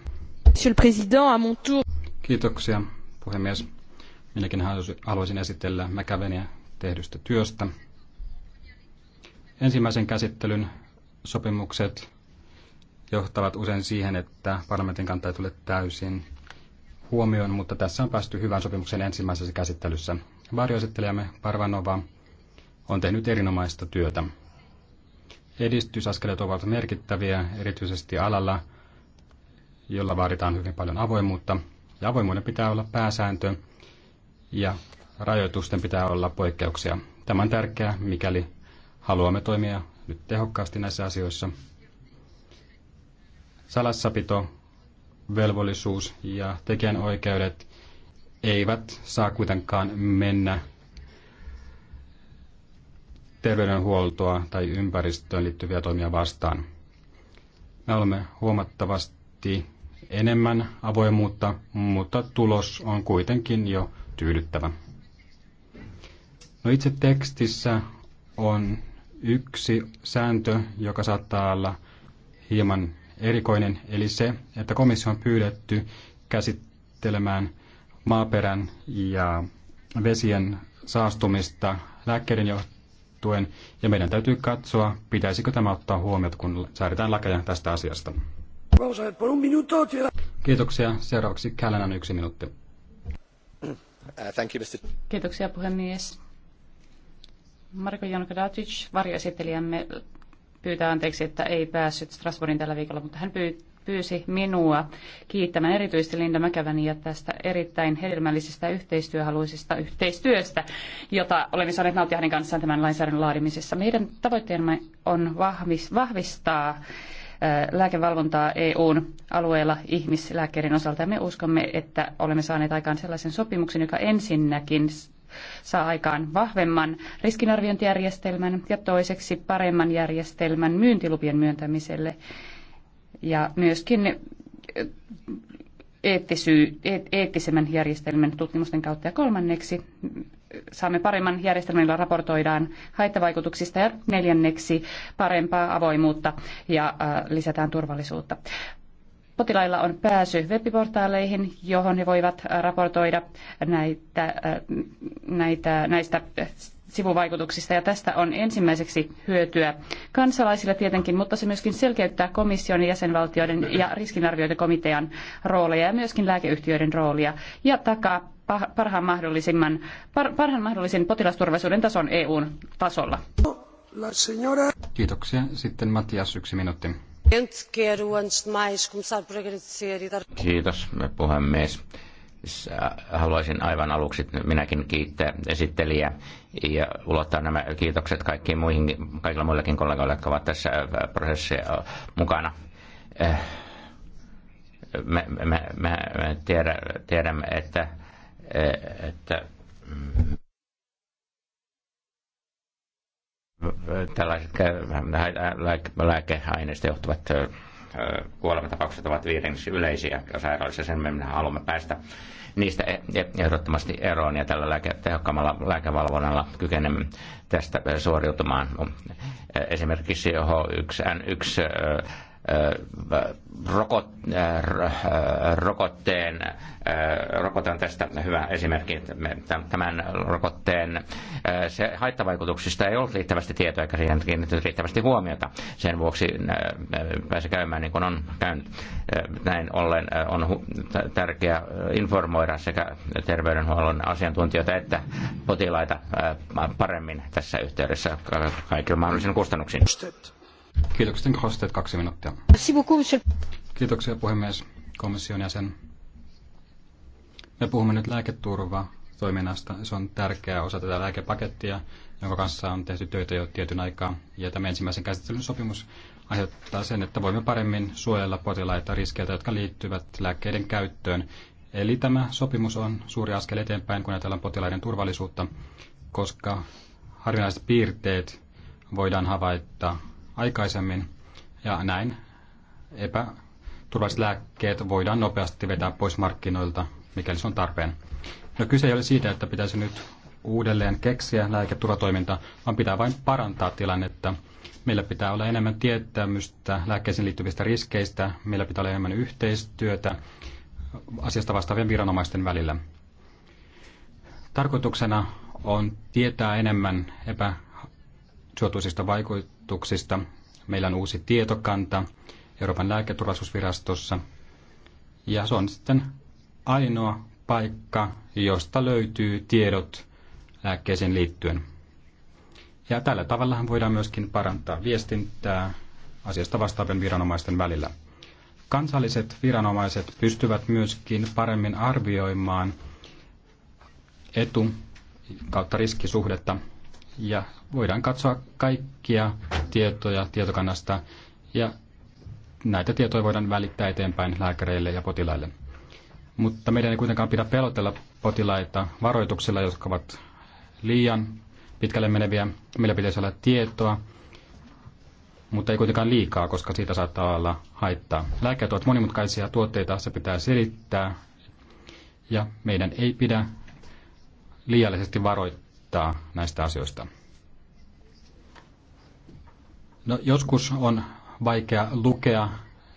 Monsieur le Président, à mon tour. Kiitoksia, puhemies. Minäkin haluaisin esitellä Mäkäveniä tehdystä työstä. Ensimmäisen käsittelyn sopimukset johtavat usein siihen, että parlamentin kanta ei tule täysin huomioon, mutta tässä on päästy hyvän sopimuksen ensimmäisessä käsittelyssä. Varjoesittelijämme Parvanova on tehnyt erinomaista työtä. Edistysaskeleet ovat merkittäviä, erityisesti alalla, jolla vaaditaan hyvin paljon avoimuutta. Ja avoimuuden pitää olla pääsääntö ja rajoitusten pitää olla poikkeuksia. Tämä on tärkeää, mikäli haluamme toimia nyt tehokkaasti näissä asioissa salassapito, velvollisuus ja tekijänoikeudet eivät saa kuitenkaan mennä terveydenhuoltoa tai ympäristöön liittyviä toimia vastaan. Me olemme huomattavasti enemmän avoimuutta, mutta tulos on kuitenkin jo tyydyttävä. No itse tekstissä on yksi sääntö, joka saattaa olla hieman erikoinen, eli se, että komissio on pyydetty käsittelemään maaperän ja vesien saastumista lääkkeiden johtuen, ja meidän täytyy katsoa, pitäisikö tämä ottaa huomioon, kun säädetään lakeja tästä asiasta. Kiitoksia. Seuraavaksi Kälänän yksi minuutti. Uh, thank you, Mr. Kiitoksia puhemies. Marko Jankodatic, varjoesittelijämme, pyytää anteeksi, että ei päässyt Strasbourgin tällä viikolla, mutta hän pyysi minua kiittämään erityisesti Linda Mäkäväniä tästä erittäin hedelmällisestä yhteistyöhaluisesta yhteistyöstä, jota olemme saaneet nauttia hänen kanssaan tämän lainsäädännön laadimisessa. Meidän tavoitteemme on vahvistaa lääkevalvontaa EUn alueella ihmislääkkeiden osalta. Ja me uskomme, että olemme saaneet aikaan sellaisen sopimuksen, joka ensinnäkin saa aikaan vahvemman riskinarviointijärjestelmän ja toiseksi paremman järjestelmän myyntilupien myöntämiselle ja myöskin eh, eettisy, eettisemmän järjestelmän tutkimusten kautta. Ja kolmanneksi saamme paremman järjestelmän, jolla raportoidaan haittavaikutuksista ja neljänneksi parempaa avoimuutta ja eh, lisätään turvallisuutta. Potilailla on pääsy webiportaaleihin, johon he voivat äh, raportoida näitä, äh, näitä, näistä sivuvaikutuksista ja tästä on ensimmäiseksi hyötyä kansalaisille tietenkin, mutta se myöskin selkeyttää komission, jäsenvaltioiden ja riskinarviointikomitean rooleja ja myöskin lääkeyhtiöiden roolia ja takaa parhaan, mahdollisimman, parhaan mahdollisen potilasturvallisuuden tason EUn tasolla. Kiitoksia. Sitten Matias, yksi minuutti. E Kiitos puhemies. Äh, haluaisin aivan aluksi minäkin kiittää esittelijää ja ulottaa nämä kiitokset kaikkiin muihin, kaikilla muillekin kollegoille, jotka ovat tässä äh, prosessissa äh, mukana. Me, me, me tiedämme, että, että tällaiset lääkeaineista johtuvat kuolematapaukset ovat viidenneksi yleisiä sairaalissa, sen me haluamme päästä niistä e- e- ehdottomasti eroon ja tällä lääke, tehokkaammalla lääkevalvonnalla kykenemme tästä suoriutumaan. Esimerkiksi H1N1 rokot, rokotteen, rokote on tästä hyvä esimerkki, tämän rokotteen se haittavaikutuksista ei ollut riittävästi tietoa eikä siihen kiinnitetty riittävästi huomiota. Sen vuoksi pääsi käymään niin kuin on käynyt. Näin ollen on tärkeää informoida sekä terveydenhuollon asiantuntijoita että potilaita paremmin tässä yhteydessä kaikilla mahdollisilla kustannuksilla. Kiitokset, Kosteet, kaksi minuuttia. Kiitoksia puhemies, komission jäsen. Me puhumme nyt lääketurvaa toiminnasta. Se on tärkeä osa tätä lääkepakettia, jonka kanssa on tehty töitä jo tietyn aikaa. Ja tämä ensimmäisen käsittelyn sopimus aiheuttaa sen, että voimme paremmin suojella potilaita riskeiltä, jotka liittyvät lääkkeiden käyttöön. Eli tämä sopimus on suuri askel eteenpäin, kun ajatellaan potilaiden turvallisuutta, koska harvinaiset piirteet voidaan havaita aikaisemmin ja näin epäturvalliset lääkkeet voidaan nopeasti vetää pois markkinoilta, mikäli se on tarpeen. No kyse ei ole siitä, että pitäisi nyt uudelleen keksiä lääketurvatoiminta, vaan pitää vain parantaa tilannetta. Meillä pitää olla enemmän tietämystä lääkkeisiin liittyvistä riskeistä, meillä pitää olla enemmän yhteistyötä asiasta vastaavien viranomaisten välillä. Tarkoituksena on tietää enemmän epä suotuisista vaikutuksista. Meillä on uusi tietokanta Euroopan lääketurvallisuusvirastossa. Ja se on sitten ainoa paikka, josta löytyy tiedot lääkkeeseen liittyen. Ja tällä tavallahan voidaan myöskin parantaa viestintää asiasta vastaavien viranomaisten välillä. Kansalliset viranomaiset pystyvät myöskin paremmin arvioimaan etu kautta riskisuhdetta ja voidaan katsoa kaikkia tietoja tietokannasta ja näitä tietoja voidaan välittää eteenpäin lääkäreille ja potilaille. Mutta meidän ei kuitenkaan pidä pelotella potilaita varoituksilla, jotka ovat liian pitkälle meneviä. Meillä pitäisi olla tietoa, mutta ei kuitenkaan liikaa, koska siitä saattaa olla haittaa. Lääkkeet ovat monimutkaisia tuotteita, se pitää selittää ja meidän ei pidä liiallisesti varoittaa näistä asioista. No, joskus on vaikea lukea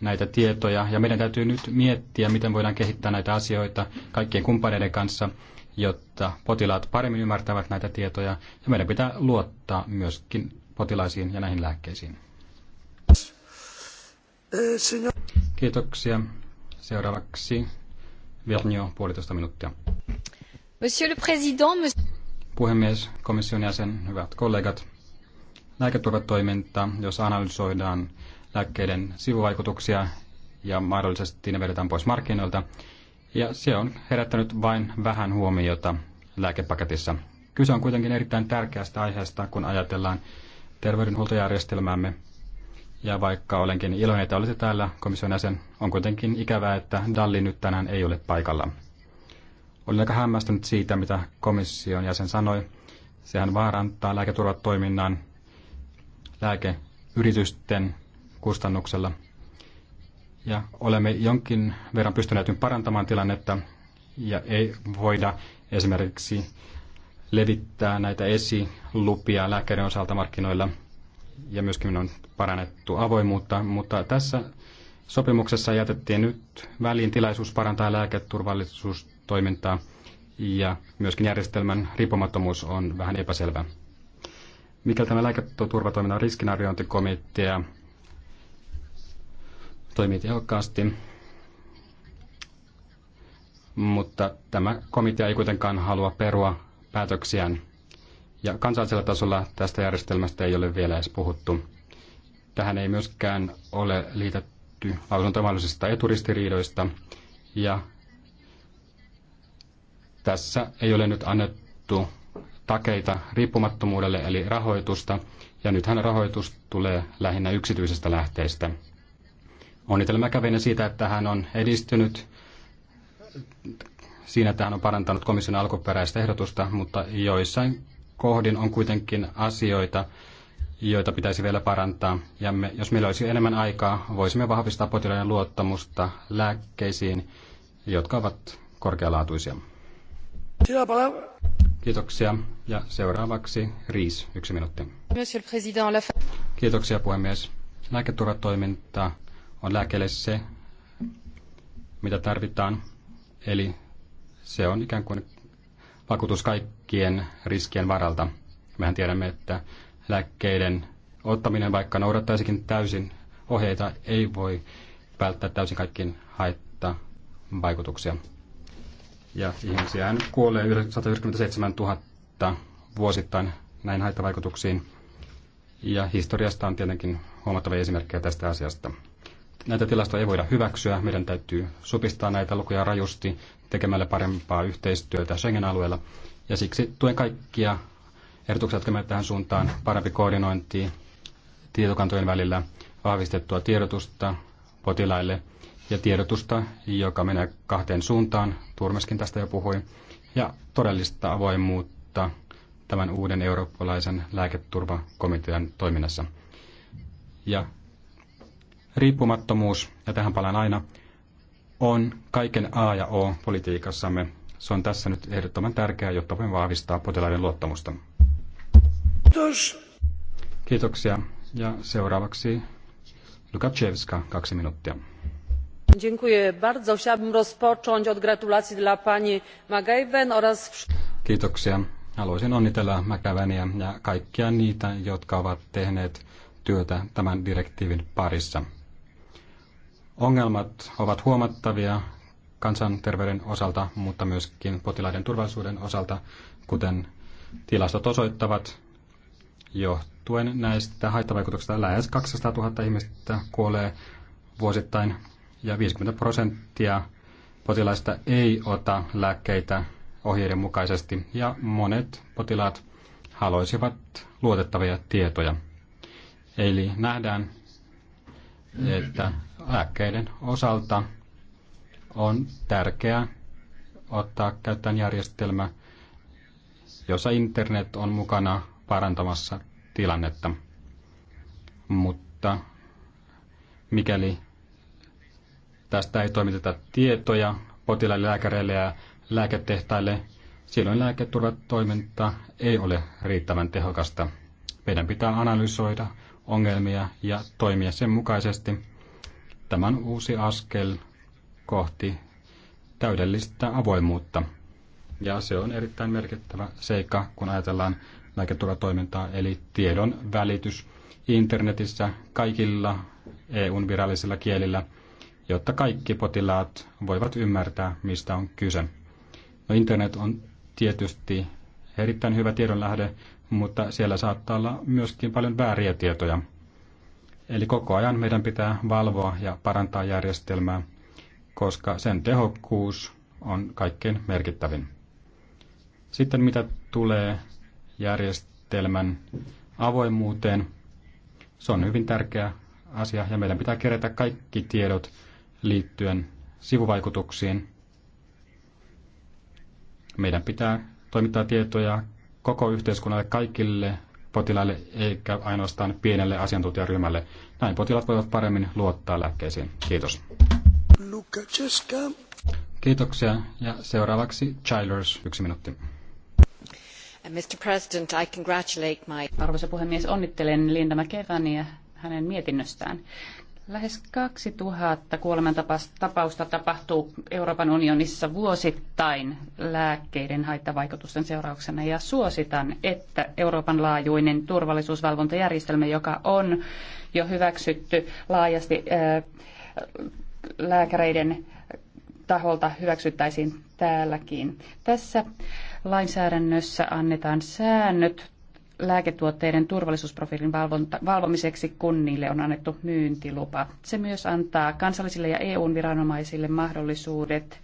näitä tietoja ja meidän täytyy nyt miettiä, miten voidaan kehittää näitä asioita kaikkien kumppaneiden kanssa, jotta potilaat paremmin ymmärtävät näitä tietoja ja meidän pitää luottaa myöskin potilaisiin ja näihin lääkkeisiin. Kiitoksia. Seuraavaksi Vernio, puolitoista minuuttia. Monsieur le Président, monsieur... Puhemies, komission jäsen, hyvät kollegat lääketurvatoiminta, jossa analysoidaan lääkkeiden sivuvaikutuksia ja mahdollisesti ne vedetään pois markkinoilta. Ja se on herättänyt vain vähän huomiota lääkepaketissa. Kyse on kuitenkin erittäin tärkeästä aiheesta, kun ajatellaan terveydenhuoltojärjestelmäämme. Ja vaikka olenkin iloinen, että olette täällä komission jäsen, on kuitenkin ikävää, että Dalli nyt tänään ei ole paikalla. Olin aika hämmästynyt siitä, mitä komission jäsen sanoi. Sehän vaarantaa lääketurvatoiminnan lääkeyritysten kustannuksella. Ja olemme jonkin verran pystyneet parantamaan tilannetta ja ei voida esimerkiksi levittää näitä esilupia lääkkeiden osalta markkinoilla ja myöskin on parannettu avoimuutta, mutta tässä sopimuksessa jätettiin nyt väliin tilaisuus parantaa lääketurvallisuustoimintaa ja myöskin järjestelmän riippumattomuus on vähän epäselvä mikä tämä lääketurvatoiminnan riskinarviointikomitea toimii tehokkaasti, mutta tämä komitea ei kuitenkaan halua perua päätöksiään. Ja kansallisella tasolla tästä järjestelmästä ei ole vielä edes puhuttu. Tähän ei myöskään ole liitetty lausuntomahdollisista eturistiriidoista, ja tässä ei ole nyt annettu takeita riippumattomuudelle eli rahoitusta, ja nythän rahoitus tulee lähinnä yksityisestä lähteestä. Onnitelma kävin siitä, että hän on edistynyt siinä, että hän on parantanut komission alkuperäistä ehdotusta, mutta joissain kohdin on kuitenkin asioita, joita pitäisi vielä parantaa. Ja me, jos meillä olisi enemmän aikaa, voisimme vahvistaa potilaiden luottamusta lääkkeisiin, jotka ovat korkealaatuisia. Kiitoksia. Ja seuraavaksi Riis, yksi minuutti. Kiitoksia puhemies. Lääketurvatoiminta on lääkeelle se, mitä tarvitaan. Eli se on ikään kuin vakuutus kaikkien riskien varalta. Mehän tiedämme, että lääkkeiden ottaminen, vaikka noudattaisikin täysin ohjeita, ei voi välttää täysin kaikkiin haittavaikutuksia ja ihmisiä nyt kuolee 197 000 vuosittain näin haittavaikutuksiin. Ja historiasta on tietenkin huomattavia esimerkkejä tästä asiasta. Näitä tilastoja ei voida hyväksyä. Meidän täytyy supistaa näitä lukuja rajusti tekemällä parempaa yhteistyötä Schengen-alueella. Ja siksi tuen kaikkia ehdotuksia, jotka menevät tähän suuntaan. Parempi koordinointi tietokantojen välillä, vahvistettua tiedotusta potilaille – ja tiedotusta, joka menee kahteen suuntaan, Turmeskin tästä jo puhui, ja todellista avoimuutta tämän uuden eurooppalaisen lääketurvakomitean toiminnassa. Ja riippumattomuus, ja tähän palaan aina, on kaiken A ja O politiikassamme. Se on tässä nyt ehdottoman tärkeää, jotta voimme vahvistaa potilaiden luottamusta. Kiitos. Kiitoksia. Ja seuraavaksi Lukashevska, kaksi minuuttia. Chciałabym rozpocząć od gratulacji dla pani McGaven oraz... Kiitoksia. Haluaisin onnitella McGavenia ja kaikkia niitä, jotka ovat tehneet työtä tämän direktiivin parissa. Ongelmat ovat huomattavia kansanterveyden osalta, mutta myöskin potilaiden turvallisuuden osalta, kuten tilastot osoittavat, johtuen näistä haittavaikutuksista lähes 200 000 ihmistä kuolee vuosittain ja 50 prosenttia potilaista ei ota lääkkeitä ohjeiden mukaisesti ja monet potilaat haluaisivat luotettavia tietoja. Eli nähdään, että lääkkeiden osalta on tärkeää ottaa käyttöön järjestelmä, jossa internet on mukana parantamassa tilannetta. Mutta mikäli Tästä ei toimiteta tietoja potilaille, lääkäreille ja lääketehtaille. Silloin lääketurvatoiminta ei ole riittävän tehokasta. Meidän pitää analysoida ongelmia ja toimia sen mukaisesti. Tämä on uusi askel kohti täydellistä avoimuutta. Ja se on erittäin merkittävä seikka, kun ajatellaan lääketurvatoimintaa, eli tiedon välitys internetissä kaikilla EUn virallisilla kielillä – jotta kaikki potilaat voivat ymmärtää, mistä on kyse. No, internet on tietysti erittäin hyvä tiedonlähde, mutta siellä saattaa olla myöskin paljon vääriä tietoja. Eli koko ajan meidän pitää valvoa ja parantaa järjestelmää, koska sen tehokkuus on kaikkein merkittävin. Sitten mitä tulee järjestelmän avoimuuteen, se on hyvin tärkeä asia ja meidän pitää kerätä kaikki tiedot, liittyen sivuvaikutuksiin. Meidän pitää toimittaa tietoja koko yhteiskunnalle, kaikille potilaille eikä ainoastaan pienelle asiantuntijaryhmälle. Näin potilaat voivat paremmin luottaa lääkkeisiin. Kiitos. Kiitoksia ja seuraavaksi Childers, yksi minuutti. Mr. President, I congratulate my... Arvoisa puhemies, onnittelen Linda McEvania hänen mietinnöstään. Lähes 2000 kuolemantapausta tapahtuu Euroopan unionissa vuosittain lääkkeiden haittavaikutusten seurauksena ja suositan, että Euroopan laajuinen turvallisuusvalvontajärjestelmä, joka on jo hyväksytty laajasti äh, lääkäreiden taholta, hyväksyttäisiin täälläkin. Tässä lainsäädännössä annetaan säännöt lääketuotteiden turvallisuusprofiilin valvonta valvomiseksi, kunnille on annettu myyntilupa. Se myös antaa kansallisille ja EUn viranomaisille mahdollisuudet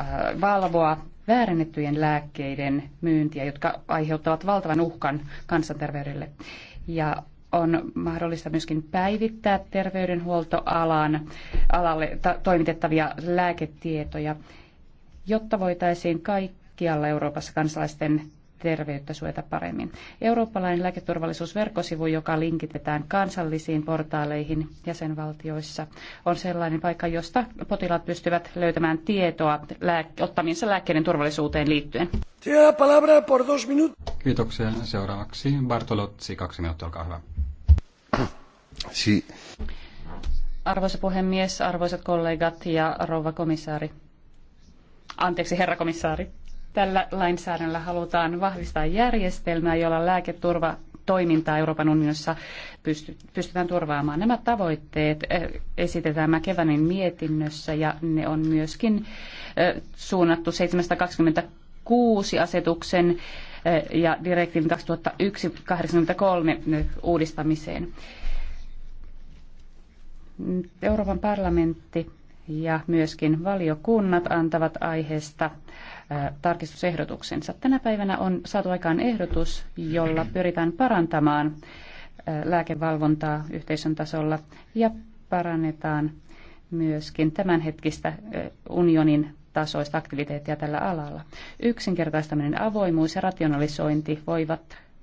äh, valvoa väärennettyjen lääkkeiden myyntiä, jotka aiheuttavat valtavan uhkan kansanterveydelle. Ja on mahdollista myöskin päivittää terveydenhuoltoalan alalle toimitettavia lääketietoja, jotta voitaisiin kaikkialla Euroopassa kansalaisten terveyttä suojata paremmin. Eurooppalainen lääketurvallisuusverkkosivu, joka linkitetään kansallisiin portaaleihin jäsenvaltioissa, on sellainen paikka, josta potilaat pystyvät löytämään tietoa lääk- ottamiinsa lääkkeiden turvallisuuteen liittyen. Kiitoksia. Seuraavaksi Bartolotsi, kaksi minuuttia, olkaa hyvä. Si. Arvoisa puhemies, arvoisat kollegat ja rouva komissaari. Anteeksi, herra komissaari Tällä lainsäädännöllä halutaan vahvistaa järjestelmää, jolla lääketurva toimintaa Euroopan unionissa pystytään turvaamaan. Nämä tavoitteet eh, esitetään Mäkevänin mietinnössä ja ne on myöskin eh, suunnattu 726 asetuksen eh, ja direktiivin 2001-83 uudistamiseen. Euroopan parlamentti ja myöskin valiokunnat antavat aiheesta tarkistusehdotuksensa. Tänä päivänä on saatu aikaan ehdotus, jolla pyritään parantamaan lääkevalvontaa yhteisön tasolla ja parannetaan myöskin tämänhetkistä unionin tasoista aktiviteettia tällä alalla. Yksinkertaistaminen, avoimuus ja rationalisointi voivat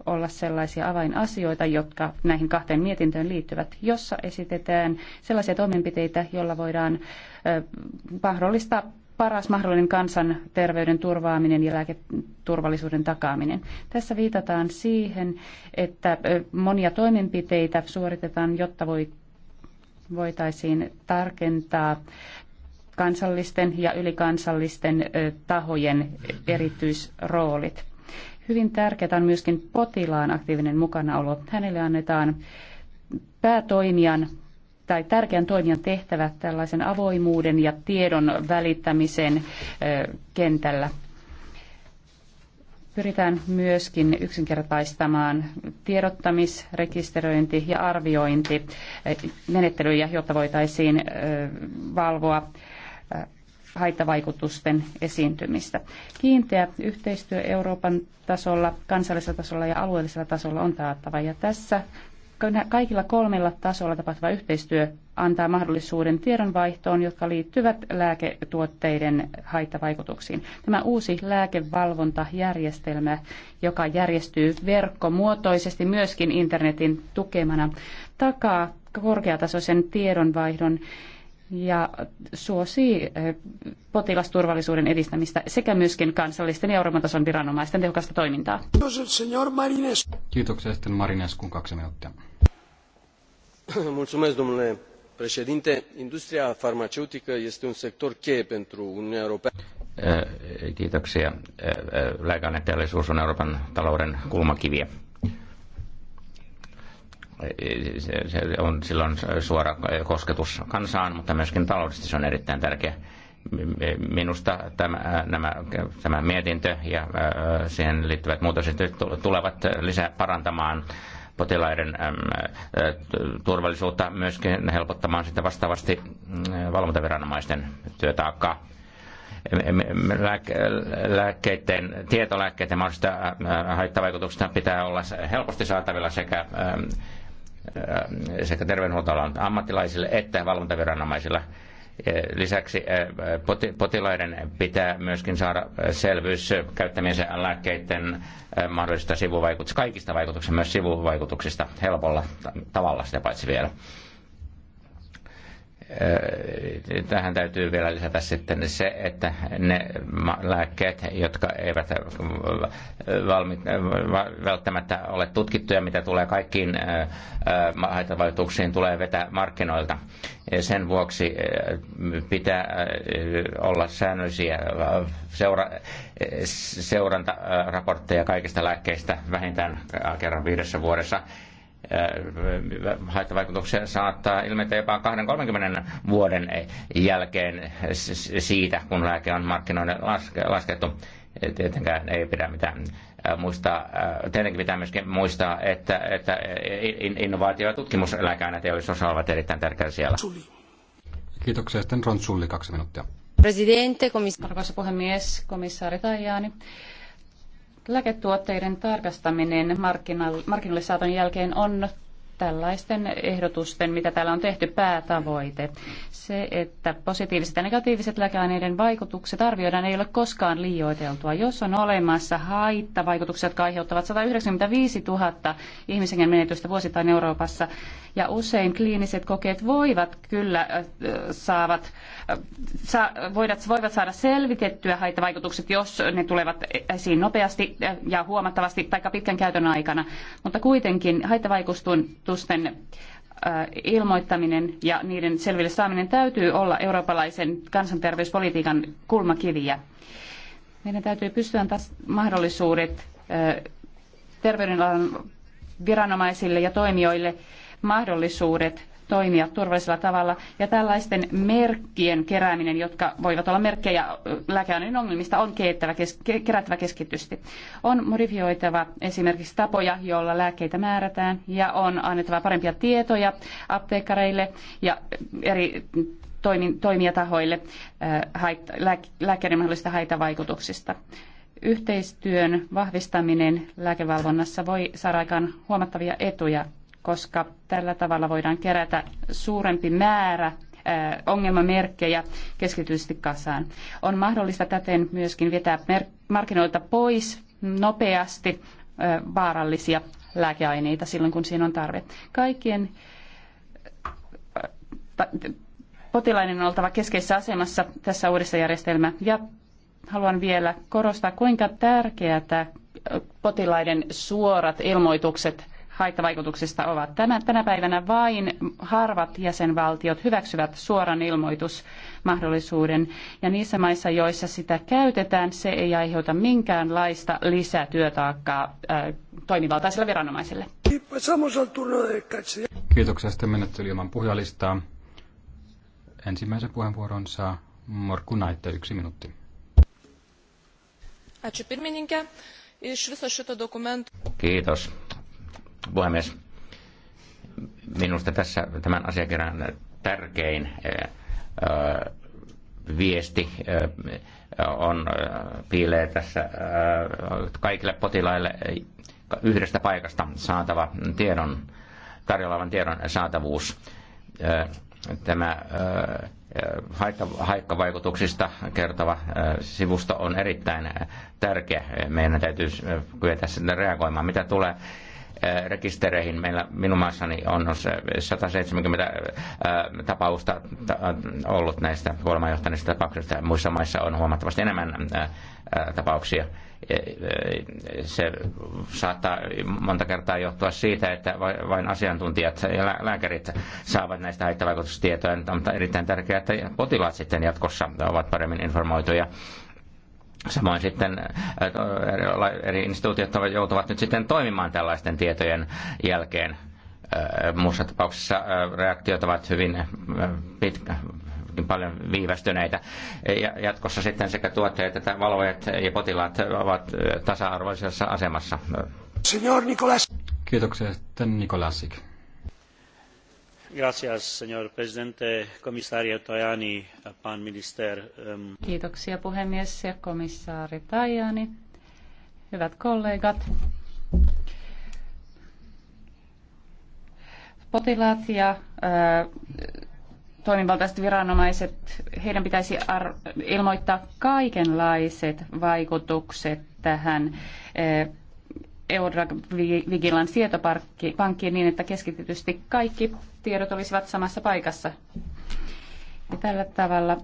olla sellaisia avainasioita, jotka näihin kahteen mietintöön liittyvät, jossa esitetään sellaisia toimenpiteitä, joilla voidaan mahdollistaa paras mahdollinen kansanterveyden turvaaminen ja lääketurvallisuuden takaaminen. Tässä viitataan siihen, että monia toimenpiteitä suoritetaan, jotta voi, voitaisiin tarkentaa kansallisten ja ylikansallisten tahojen erityisroolit. Hyvin tärkeää on myöskin potilaan aktiivinen mukanaolo. Hänelle annetaan päätoimijan tai tärkeän toimijan tehtävät tällaisen avoimuuden ja tiedon välittämisen kentällä. Pyritään myöskin yksinkertaistamaan tiedottamis-, rekisteröinti- ja arviointimenettelyjä, jotta voitaisiin valvoa haittavaikutusten esiintymistä. Kiinteä yhteistyö Euroopan tasolla, kansallisella tasolla ja alueellisella tasolla on taattava. Ja tässä kaikilla kolmella tasolla tapahtuva yhteistyö antaa mahdollisuuden tiedonvaihtoon, jotka liittyvät lääketuotteiden haittavaikutuksiin. Tämä uusi lääkevalvontajärjestelmä, joka järjestyy verkkomuotoisesti myöskin internetin tukemana, takaa korkeatasoisen tiedonvaihdon ja suosii eh, potilasturvallisuuden edistämistä sekä myöskin kansallisten ja Euroopan tason viranomaisten tehokasta toimintaa. Kiitoksia sitten Marineskun kaksi minuuttia. Mulțumesc, domnule președinte. Industria farmaceutică este un sector cheie pentru Uniunea Europeană. Eh, kiitoksia. Eh, Lääkäinen teollisuus on Euroopan talouden kulmakiviä se on silloin suora kosketus kansaan, mutta myöskin taloudellisesti se on erittäin tärkeä. Minusta tämä, nämä, tämä mietintö ja siihen liittyvät muutokset tulevat lisää parantamaan potilaiden turvallisuutta, myöskin helpottamaan sitä vastaavasti valvontaviranomaisten työtaakkaa lääkkeiden, tietolääkkeiden mahdollisista haittavaikutuksista pitää olla helposti saatavilla sekä sekä terveydenhuoltoalan ammattilaisille että valvontaviranomaisilla. Lisäksi potilaiden pitää myöskin saada selvyys käyttämiensä lääkkeiden mahdollisista sivuvaikutuksista, kaikista vaikutuksista, myös sivuvaikutuksista helpolla tavalla sitä paitsi vielä. Tähän täytyy vielä lisätä sitten se, että ne lääkkeet, jotka eivät valmit, välttämättä ole tutkittuja, mitä tulee kaikkiin haittavaikutuksiin, tulee vetää markkinoilta. Sen vuoksi pitää olla säännöllisiä seura, seurantaraportteja kaikista lääkkeistä vähintään kerran viidessä vuodessa Äh, haittavaikutuksia saattaa ilmetä jopa 20-30 vuoden jälkeen siitä, kun lääke on markkinoille laskettu. Tietenkään ei pidä mitään äh, muistaa, äh, tietenkin pitää myöskin muistaa, että, että innovaatio- ja tutkimuslääkäänä teollisuus ovat erittäin tärkeä siellä. Kiitoksia. Sitten Ron Sulli, kaksi minuuttia. Presidente, komissaari, arvoisa puhemies, komissaari Tajani. Lääketuotteiden tarkastaminen markkinoille saaton jälkeen on tällaisten ehdotusten, mitä täällä on tehty, päätavoite. Se, että positiiviset ja negatiiviset lääkeaineiden vaikutukset arvioidaan, ei ole koskaan liioiteltua. Jos on olemassa haittavaikutuksia, jotka aiheuttavat 195 000 ihmisen menetystä vuosittain Euroopassa, ja usein kliiniset kokeet voivat kyllä saavat, sa, voivat, voivat saada selvitettyä haittavaikutukset, jos ne tulevat esiin nopeasti ja huomattavasti tai pitkän käytön aikana. Mutta kuitenkin haittavaikutusten ilmoittaminen ja niiden selville saaminen täytyy olla eurooppalaisen kansanterveyspolitiikan kulmakiviä. Meidän täytyy pystyä antaa mahdollisuudet terveydenalan viranomaisille ja toimijoille mahdollisuudet toimia turvallisella tavalla. Ja tällaisten merkkien kerääminen, jotka voivat olla merkkejä lääkeaineen ongelmista, on kerättävä keskitysti. On modifioitava esimerkiksi tapoja, joilla lääkkeitä määrätään ja on annettava parempia tietoja apteekkareille ja eri toimijatahoille lääkkeiden mahdollisista haitavaikutuksista yhteistyön vahvistaminen lääkevalvonnassa voi saada aikaan huomattavia etuja koska tällä tavalla voidaan kerätä suurempi määrä ongelmamerkkejä keskitysti kasaan. On mahdollista täten myöskin vetää markkinoilta pois nopeasti vaarallisia lääkeaineita silloin, kun siinä on tarve. Kaikkien potilainen on oltava keskeisessä asemassa tässä uudessa järjestelmässä. Ja haluan vielä korostaa, kuinka tärkeää potilaiden suorat ilmoitukset haittavaikutuksista ovat. Tämä, tänä päivänä vain harvat jäsenvaltiot hyväksyvät suoran ilmoitusmahdollisuuden ja niissä maissa, joissa sitä käytetään, se ei aiheuta minkäänlaista lisätyötaakkaa äh, toimivaltaiselle viranomaiselle. Kiitoksia. Sitten menettely ilman puhujalistaa. Ensimmäisen puheenvuoron saa Morkku Naitte, yksi minuutti. Ačiū pirmininkė. Iš viso Kiitos puhemies. Minusta tässä tämän asiakirjan tärkein eh, eh, viesti eh, on piilee tässä kaikille potilaille yhdestä paikasta saatava tiedon, tarjolla tiedon saatavuus. Tämä haikkavaikutuksista kertova sivusto on erittäin tärkeä. Meidän täytyy kyetä sinne reagoimaan. Mitä tulee rekistereihin. Meillä minun maassani on 170 tapausta ollut näistä kuolemanjohtaneista tapauksista. Muissa maissa on huomattavasti enemmän tapauksia. Se saattaa monta kertaa johtua siitä, että vain asiantuntijat ja lääkärit saavat näistä haittavaikutustietoja, mutta on erittäin tärkeää, että potilaat sitten jatkossa ovat paremmin informoituja Samoin sitten äh, eri instituutiot joutuvat nyt sitten toimimaan tällaisten tietojen jälkeen. Äh, muussa tapauksessa äh, reaktiot ovat hyvin pitkä, paljon viivästyneitä. Jatkossa sitten sekä tuottajat että valvojat ja potilaat ovat tasa-arvoisessa asemassa. Signor Nicolas. Kiitoksia. Sitten Nikolasik. Kiitoksia puhemies ja komissaari Tajani. Hyvät kollegat, potilaat ja toimivaltaiset viranomaiset, heidän pitäisi ilmoittaa kaikenlaiset vaikutukset tähän Eurodac-vigilan sietopankkiin niin, että keskitetysti kaikki tiedot olisivat samassa paikassa. Ja tällä tavalla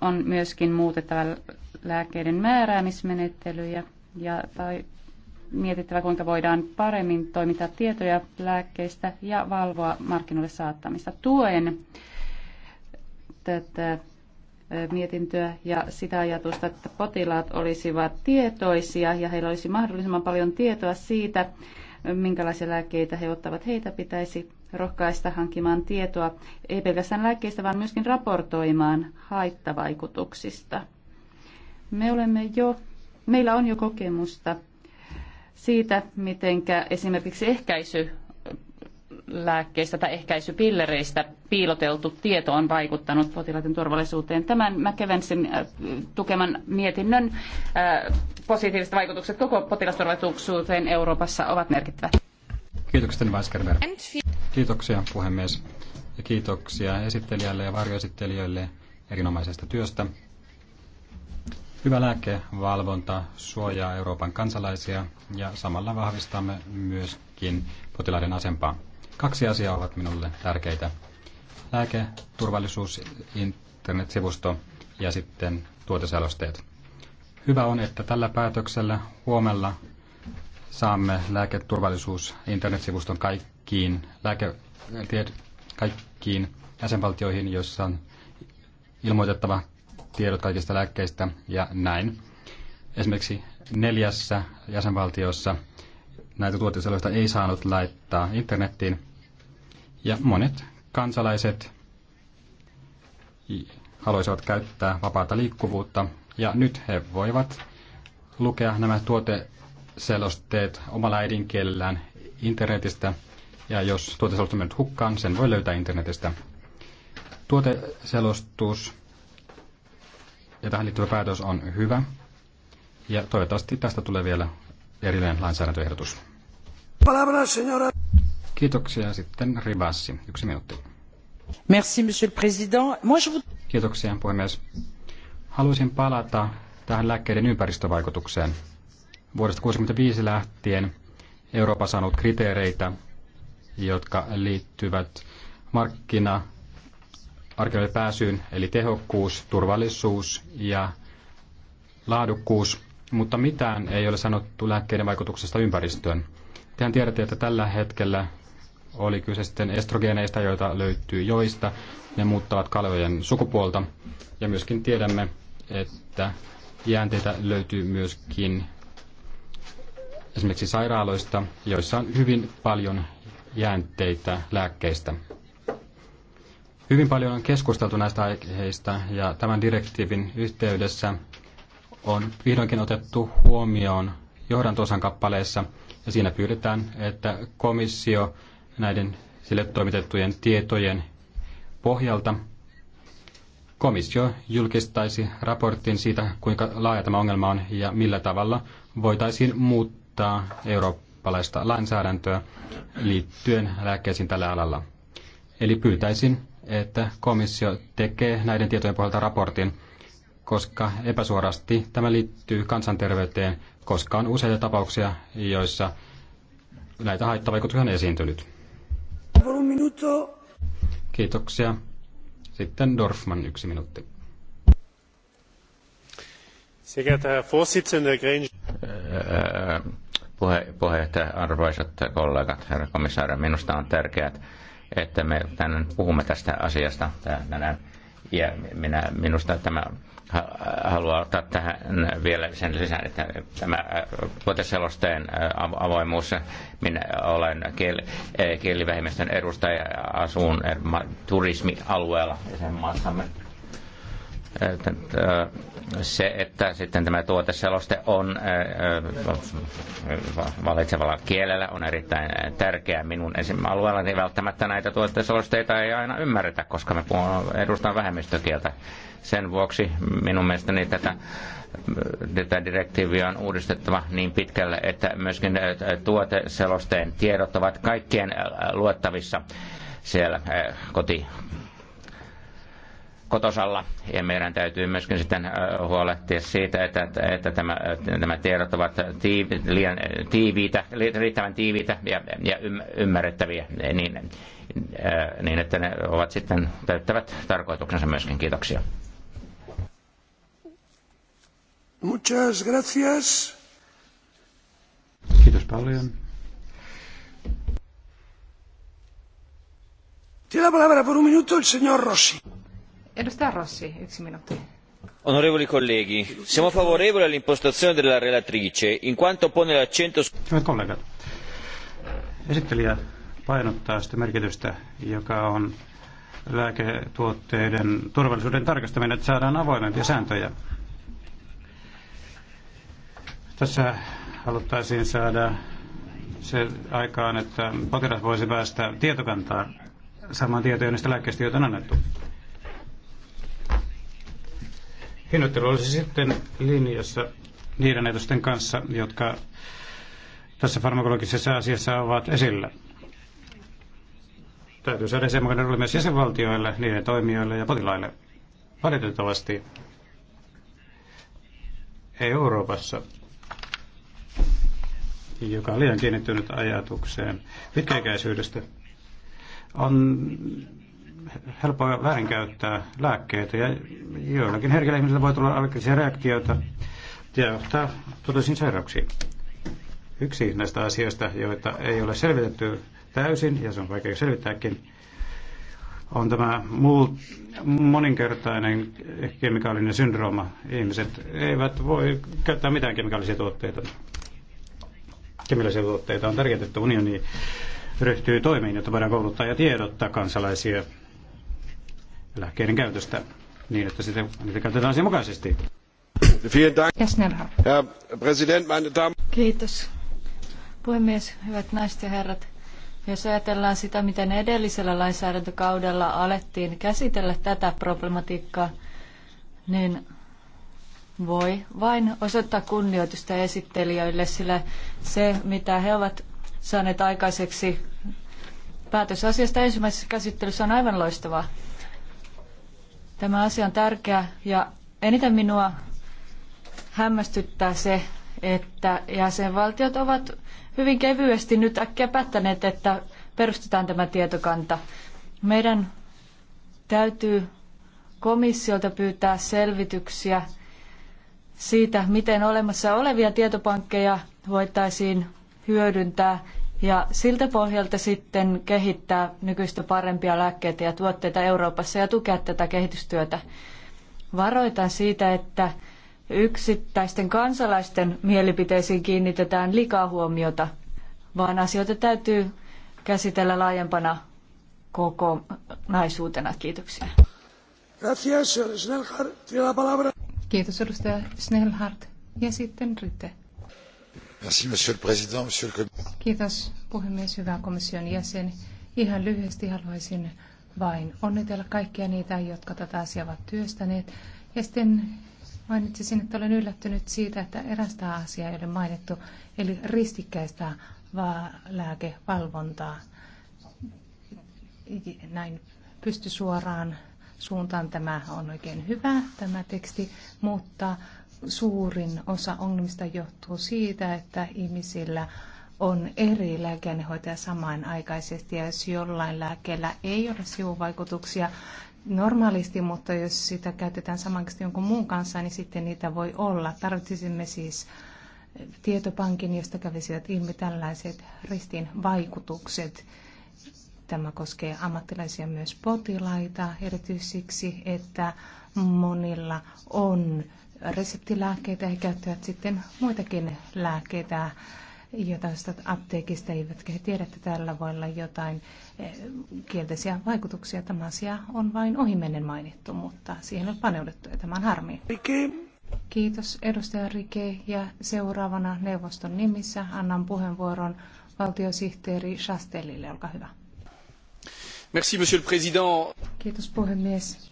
on myöskin muutettava lääkkeiden määräämismenettelyjä ja tai mietittävä, kuinka voidaan paremmin toimittaa tietoja lääkkeistä ja valvoa markkinoille saattamista. Tuen tätä mietintöä ja sitä ajatusta, että potilaat olisivat tietoisia ja heillä olisi mahdollisimman paljon tietoa siitä, minkälaisia lääkkeitä he ottavat. Heitä pitäisi rohkaista hankimaan tietoa, ei pelkästään lääkkeistä, vaan myöskin raportoimaan haittavaikutuksista. Me olemme jo, meillä on jo kokemusta siitä, miten esimerkiksi ehkäisy lääkkeistä tai ehkäisypillereistä piiloteltu tieto on vaikuttanut potilaiden turvallisuuteen. Tämän McEvensin äh, tukeman mietinnön äh, positiiviset vaikutukset koko potilasturvallisuuteen Euroopassa ovat merkittävät. Kiitoksia, Kiitoksia, puhemies. Ja kiitoksia esittelijälle ja varjoesittelijöille erinomaisesta työstä. Hyvä lääkevalvonta suojaa Euroopan kansalaisia ja samalla vahvistamme myöskin potilaiden asempaa. Kaksi asiaa ovat minulle tärkeitä. lääke turvallisuus, internetsivusto ja sitten tuoteselosteet. Hyvä on, että tällä päätöksellä huomella saamme lääketurvallisuus internetsivuston kaikkiin, lääke, kaikkiin jäsenvaltioihin, joissa on ilmoitettava tiedot kaikista lääkkeistä ja näin. Esimerkiksi neljässä jäsenvaltiossa näitä tuoteselosta ei saanut laittaa internettiin. Ja monet kansalaiset haluaisivat käyttää vapaata liikkuvuutta, ja nyt he voivat lukea nämä tuoteselosteet omalla äidinkielellään internetistä, ja jos tuoteselostus on mennyt hukkaan, sen voi löytää internetistä. Tuoteselostus ja tähän liittyvä päätös on hyvä, ja toivottavasti tästä tulee vielä erillinen lainsäädäntöehdotus. Kiitoksia. Sitten Ribassi. Yksi minuutti. Merci, monsieur le président. Moi, je... Kiitoksia, puhemies. Haluaisin palata tähän lääkkeiden ympäristövaikutukseen. Vuodesta 1965 lähtien Euroopan on saanut kriteereitä, jotka liittyvät markkina pääsyyn, eli tehokkuus, turvallisuus ja laadukkuus mutta mitään ei ole sanottu lääkkeiden vaikutuksesta ympäristöön. Tehän tiedätte, että tällä hetkellä oli kyse sitten estrogeneista, joita löytyy joista. Ne muuttavat kalvojen sukupuolta. Ja myöskin tiedämme, että jäänteitä löytyy myöskin esimerkiksi sairaaloista, joissa on hyvin paljon jäänteitä lääkkeistä. Hyvin paljon on keskusteltu näistä aiheista ja tämän direktiivin yhteydessä on vihdoinkin otettu huomioon johdantosan kappaleessa, ja siinä pyydetään, että komissio näiden sille toimitettujen tietojen pohjalta komissio julkistaisi raportin siitä, kuinka laaja tämä ongelma on ja millä tavalla voitaisiin muuttaa eurooppalaista lainsäädäntöä liittyen lääkkeisiin tällä alalla. Eli pyytäisin, että komissio tekee näiden tietojen pohjalta raportin, koska epäsuorasti tämä liittyy kansanterveyteen, koska on useita tapauksia, joissa näitä haittavaikutuksia on esiintynyt. Kiitoksia. Sitten Dorfman yksi minuutti. Äh, äh, puhe, puheenjohtaja, arvoisat kollegat, herra komissaari, minusta on tärkeää, että me tänään puhumme tästä asiasta tänään. Ja minä, minusta tämä haluaa ottaa tähän vielä sen lisän, että tämä tuoteselosteen avoimuus, minä olen kiel, kielivähemmistön edustaja, asun er, turismialueella sen maassamme Äh, äh, se, että sitten tämä tuoteseloste on äh, valitsevalla kielellä on erittäin tärkeää. Minun ensimmäisellä alueellani välttämättä näitä tuoteselosteita ei aina ymmärretä, koska me edustan vähemmistökieltä. Sen vuoksi minun mielestäni tätä, tätä direktiiviä on uudistettava niin pitkälle, että myöskin tuoteselosteen tiedot ovat kaikkien luettavissa siellä koti kotosalla. Ja meidän täytyy myöskin sitten huolehtia siitä, että, että, että tämä, nämä tiedot ovat tiivi, liian tiiviitä, riittävän tiiviitä ja, ja ymmärrettäviä, niin, niin että ne ovat sitten täyttävät tarkoituksensa myöskin. Kiitoksia. Muchas gracias. Kiitos paljon. Tiene la palabra por un minuto el señor Rossi Edustaja Rossi, yksi minuutti. Onorevoli colleghi, siamo favorevoli all'impostazione della relatrice, in quanto pone l'accento... su... Hyvät kollegat, esittelijä painottaa sitä merkitystä, joka on lääketuotteiden turvallisuuden tarkastaminen, että saadaan avoimempia sääntöjä. Tässä haluttaisiin saada se aikaan, että potilas voisi päästä tietokantaan samaan tietoja niistä lääkkeistä, joita on annettu. Hinnoittelu olisi sitten linjassa niiden edusten kanssa, jotka tässä farmakologisessa asiassa ovat esillä. Täytyy saada semmoinen rooli myös jäsenvaltioille, niiden toimijoille ja potilaille. Valitettavasti Euroopassa, joka on liian kiinnittynyt ajatukseen pitkäikäisyydestä, on helppoa väärinkäyttää lääkkeitä ja joillakin herkillä ihmisillä voi tulla allergisia reaktioita ja johtaa todellisiin sairauksiin. Yksi näistä asioista, joita ei ole selvitetty täysin, ja se on vaikea selvittääkin, on tämä muu, moninkertainen kemikaalinen syndrooma. Ihmiset eivät voi käyttää mitään kemikaalisia tuotteita. Kemikaalisia tuotteita on tärkeää, että unioni ryhtyy toimiin, jotta voidaan kouluttaa ja tiedottaa kansalaisia lääkkeiden käytöstä niin, että sitä, niitä käytetään asianmukaisesti. Kiitos. Puhemies, hyvät naiset ja herrat. Jos ajatellaan sitä, miten edellisellä lainsäädäntökaudella alettiin käsitellä tätä problematiikkaa, niin voi vain osoittaa kunnioitusta esittelijöille, sillä se, mitä he ovat saaneet aikaiseksi päätösasiasta ensimmäisessä käsittelyssä, on aivan loistavaa. Tämä asia on tärkeä ja eniten minua hämmästyttää se, että jäsenvaltiot ovat hyvin kevyesti nyt äkkiä päättäneet, että perustetaan tämä tietokanta. Meidän täytyy komissiolta pyytää selvityksiä siitä, miten olemassa olevia tietopankkeja voitaisiin hyödyntää ja siltä pohjalta sitten kehittää nykyistä parempia lääkkeitä ja tuotteita Euroopassa ja tukea tätä kehitystyötä. Varoitan siitä, että yksittäisten kansalaisten mielipiteisiin kiinnitetään liikaa huomiota, vaan asioita täytyy käsitellä laajempana kokonaisuutena. Kiitoksia. Kiitos edustaja Snellhardt. Ja sitten Rytte. Kiitos puhemies, hyvä komission jäsen. Ihan lyhyesti haluaisin vain onnitella kaikkia niitä, jotka tätä asiaa ovat työstäneet. Ja sitten mainitsisin, että olen yllättynyt siitä, että erästä asiaa ei ole mainittu, eli ristikkäistä lääkevalvontaa. Näin pysty suoraan suuntaan tämä on oikein hyvä tämä teksti, mutta suurin osa ongelmista johtuu siitä, että ihmisillä on eri lääkeainehoitaja samanaikaisesti ja jos jollain lääkkeellä ei ole sivuvaikutuksia normaalisti, mutta jos sitä käytetään samanaikaisesti jonkun muun kanssa, niin sitten niitä voi olla. Tarvitsisimme siis tietopankin, josta kävisivät ilmi tällaiset ristin vaikutukset. Tämä koskee ammattilaisia myös potilaita, erityisiksi, että monilla on reseptilääkkeitä, he käyttävät sitten muitakin lääkkeitä, joita apteekista eivätkä he tiedä, että tällä voi olla jotain eh, kielteisiä vaikutuksia. Tämä asia on vain ohimennen mainittu, mutta siihen on paneuduttu ja tämä on harmi. Kiitos edustaja Rike ja seuraavana neuvoston nimissä annan puheenvuoron valtiosihteeri Chastelille. Olkaa hyvä. Merci, monsieur le président. Kiitos puhemies.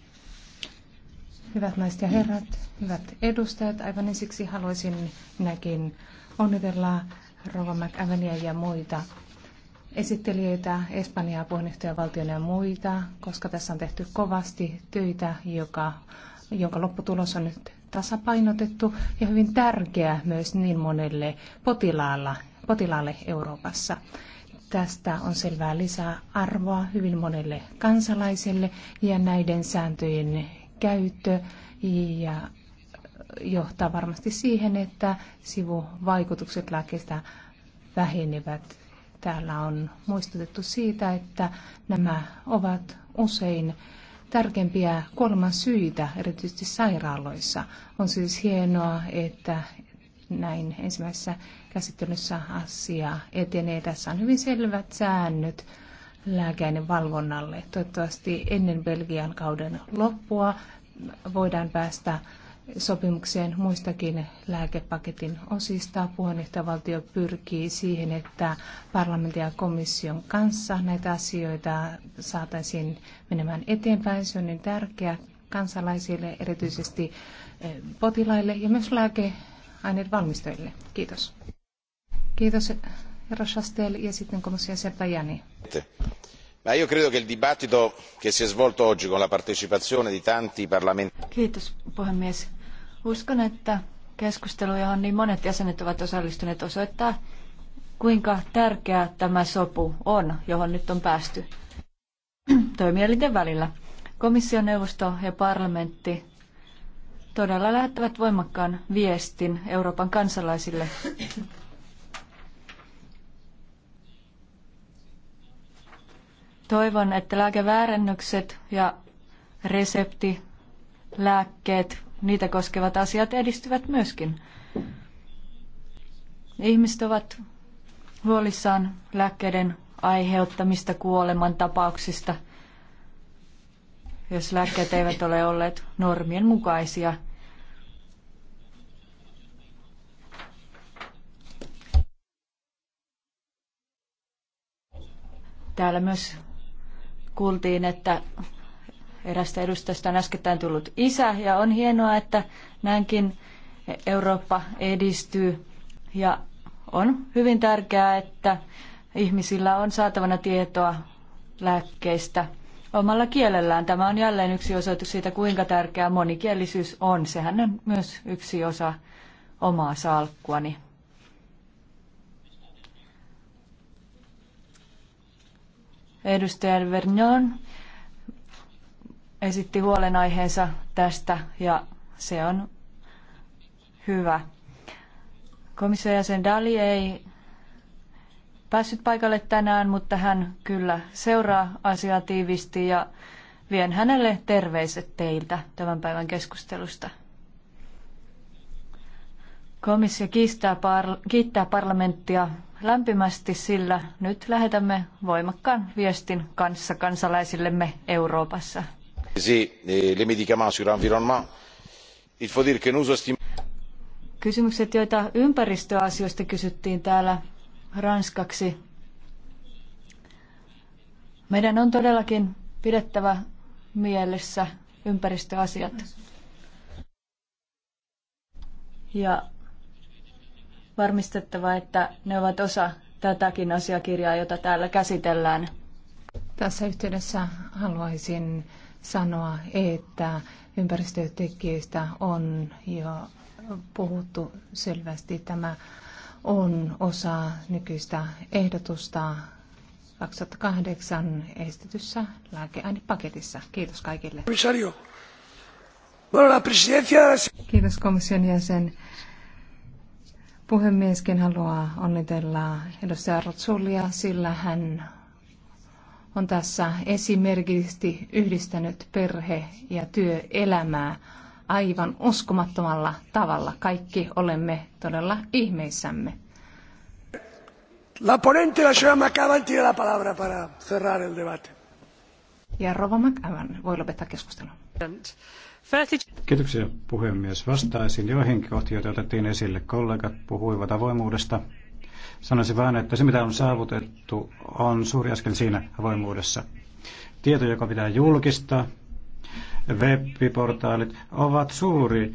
Hyvät naiset ja herrat, hyvät edustajat, aivan ensiksi haluaisin minäkin onnitella Rova McAvenia ja muita esittelijöitä, Espanjaa, valtion ja muita, koska tässä on tehty kovasti töitä, joka, jonka lopputulos on nyt tasapainotettu ja hyvin tärkeä myös niin monelle potilaalla, potilaalle Euroopassa. Tästä on selvää lisää arvoa hyvin monelle kansalaiselle ja näiden sääntöjen käyttö ja johtaa varmasti siihen, että sivuvaikutukset lääkkeistä vähenevät. Täällä on muistutettu siitä, että nämä ovat usein tärkeimpiä kolman syitä, erityisesti sairaaloissa. On siis hienoa, että näin ensimmäisessä käsittelyssä asia etenee. Tässä on hyvin selvät säännöt lääkäinen valvonnalle. Toivottavasti ennen Belgian kauden loppua voidaan päästä sopimukseen muistakin lääkepaketin osista. Puheenjohtajavaltio pyrkii siihen, että parlamentin ja komission kanssa näitä asioita saataisiin menemään eteenpäin. Se on niin tärkeä kansalaisille, erityisesti eh, potilaille ja myös lääkeaineiden valmistajille. Kiitos. Kiitos Herra Chastel ja sitten Tajani. io credo che il dibattito che si è svolto oggi con la partecipazione di tanti Kiitos puhemies. Uskon, että keskustelu, johon niin monet jäsenet ovat osallistuneet, osoittaa, kuinka tärkeä tämä sopu on, johon nyt on päästy toimielinten välillä. Komission neuvosto ja parlamentti todella lähettävät voimakkaan viestin Euroopan kansalaisille Toivon, että lääkeväärennökset ja resepti lääkkeet niitä koskevat asiat edistyvät myöskin. Ihmiset ovat huolissaan lääkkeiden aiheuttamista kuoleman tapauksista, jos lääkkeet eivät ole olleet normien mukaisia. Täällä myös kuultiin, että erästä edustajasta on äskettäin tullut isä ja on hienoa, että näinkin Eurooppa edistyy ja on hyvin tärkeää, että ihmisillä on saatavana tietoa lääkkeistä omalla kielellään. Tämä on jälleen yksi osoitus siitä, kuinka tärkeää monikielisyys on. Sehän on myös yksi osa omaa salkkuani. Edustaja Vernon esitti huolenaiheensa tästä ja se on hyvä. Komission jäsen Dali ei päässyt paikalle tänään, mutta hän kyllä seuraa asiaa tiivisti ja vien hänelle terveiset teiltä tämän päivän keskustelusta. Komissio kiittää, par- kiittää parlamenttia lämpimästi, sillä nyt lähetämme voimakkaan viestin kanssa kansalaisillemme Euroopassa. E Kysymykset, joita ympäristöasioista kysyttiin täällä ranskaksi. Meidän on todellakin pidettävä mielessä ympäristöasiat. Ja varmistettava, että ne ovat osa tätäkin asiakirjaa, jota täällä käsitellään. Tässä yhteydessä haluaisin sanoa, että ympäristötekijöistä on jo puhuttu selvästi. Tämä on osa nykyistä ehdotusta 2008 estetyssä lääkeainepaketissa. Kiitos kaikille. Kiitos komission jäsen. Puhemieskin haluaa onnitella edustaja Rotsulia, sillä hän on tässä esimerkiksi yhdistänyt perhe- ja työelämää aivan uskomattomalla tavalla. Kaikki olemme todella ihmeissämme. La ponente, la señora McAvan, tiene la palabra para cerrar el debate. Ja Rova McAvan voi lopettaa keskustelun. Kiitoksia puhemies. Vastaisin joihinkin kohtiin, joita otettiin esille. Kollegat puhuivat avoimuudesta. Sanoisin vain, että se mitä on saavutettu on suuri askel siinä avoimuudessa. Tieto, joka pitää julkistaa, webbiportaalit ovat suuri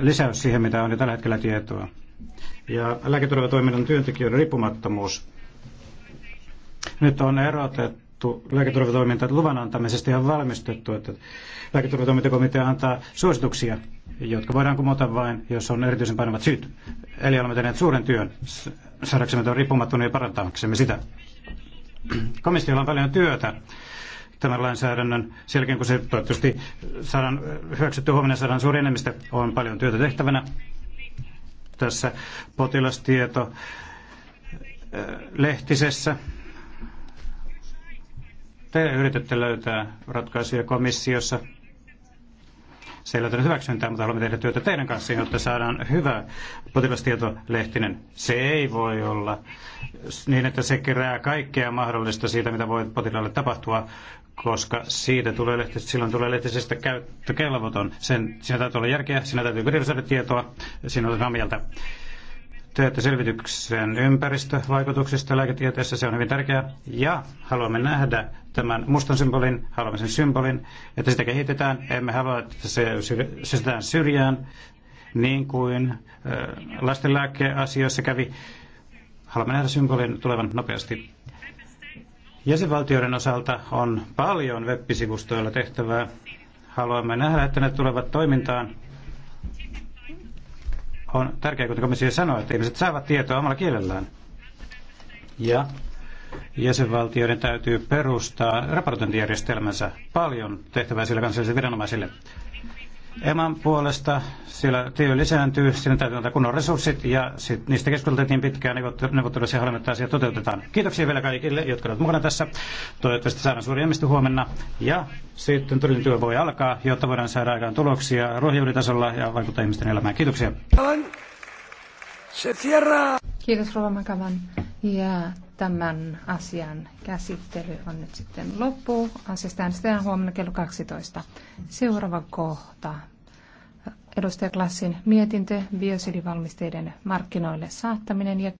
lisäys siihen, mitä on jo tällä hetkellä tietoa. Ja lääketurvatoiminnan työntekijöiden riippumattomuus. Nyt on erotettu puhuttu lääketurvatoiminta luvan antamisesta ja valmistettu, että lääketurvatoimintakomitea antaa suosituksia, jotka voidaan kumota vain, jos on erityisen painavat syyt. Eli olemme tehneet suuren työn saadaksemme tuon riippumattomuuden ja parantaaksemme sitä. Komissiolla on paljon työtä tämän lainsäädännön, sen kun se toivottavasti saadaan hyväksytty huomenna, saadaan suuri enemmistö, on paljon työtä tehtävänä. Tässä potilastieto lehtisessä te yritätte löytää ratkaisuja komissiossa. Se ei löytänyt hyväksyntää, mutta haluamme tehdä työtä teidän kanssa, jotta saadaan hyvä potilastietolehtinen. Se ei voi olla niin, että se kerää kaikkea mahdollista siitä, mitä voi potilaalle tapahtua, koska siitä tulee lehti, silloin tulee lehtisestä käyttökelvoton. Sen, siinä täytyy olla järkeä, siinä täytyy verisoida tietoa, siinä on samaa mieltä teette selvityksen ympäristövaikutuksista lääketieteessä, se on hyvin tärkeää. Ja haluamme nähdä tämän mustan symbolin, haluamme sen symbolin, että sitä kehitetään. Emme halua, että se sysätään syrjään, niin kuin äh, lastenlääkeasioissa kävi. Haluamme nähdä symbolin tulevan nopeasti. Jäsenvaltioiden osalta on paljon web-sivustoilla tehtävää. Haluamme nähdä, että ne tulevat toimintaan on tärkeää, kuten komissio sanoi, että ihmiset saavat tietoa omalla kielellään. Ja jäsenvaltioiden täytyy perustaa raportointijärjestelmänsä paljon tehtävää sille kansallisille viranomaisille. Eman puolesta, siellä työ lisääntyy, siinä täytyy antaa kunnon resurssit ja sit niistä keskusteltiin niin pitkään neuvotteluissa ja haluamme, että asia toteutetaan. Kiitoksia vielä kaikille, jotka ovat mukana tässä. Toivottavasti saadaan suuri enemmistö huomenna ja sitten todellinen työ voi alkaa, jotta voidaan saada aikaan tuloksia ruohonjuuritasolla ja vaikuttaa ihmisten elämään. Kiitoksia. Se cierra. Kiitos Rova Makavan. Ja tämän asian käsittely on nyt sitten loppu. Asiasta äänestetään huomenna kello 12. Seuraava kohta. Edustaja Klassin mietintö biosidivalmisteiden markkinoille saattaminen ja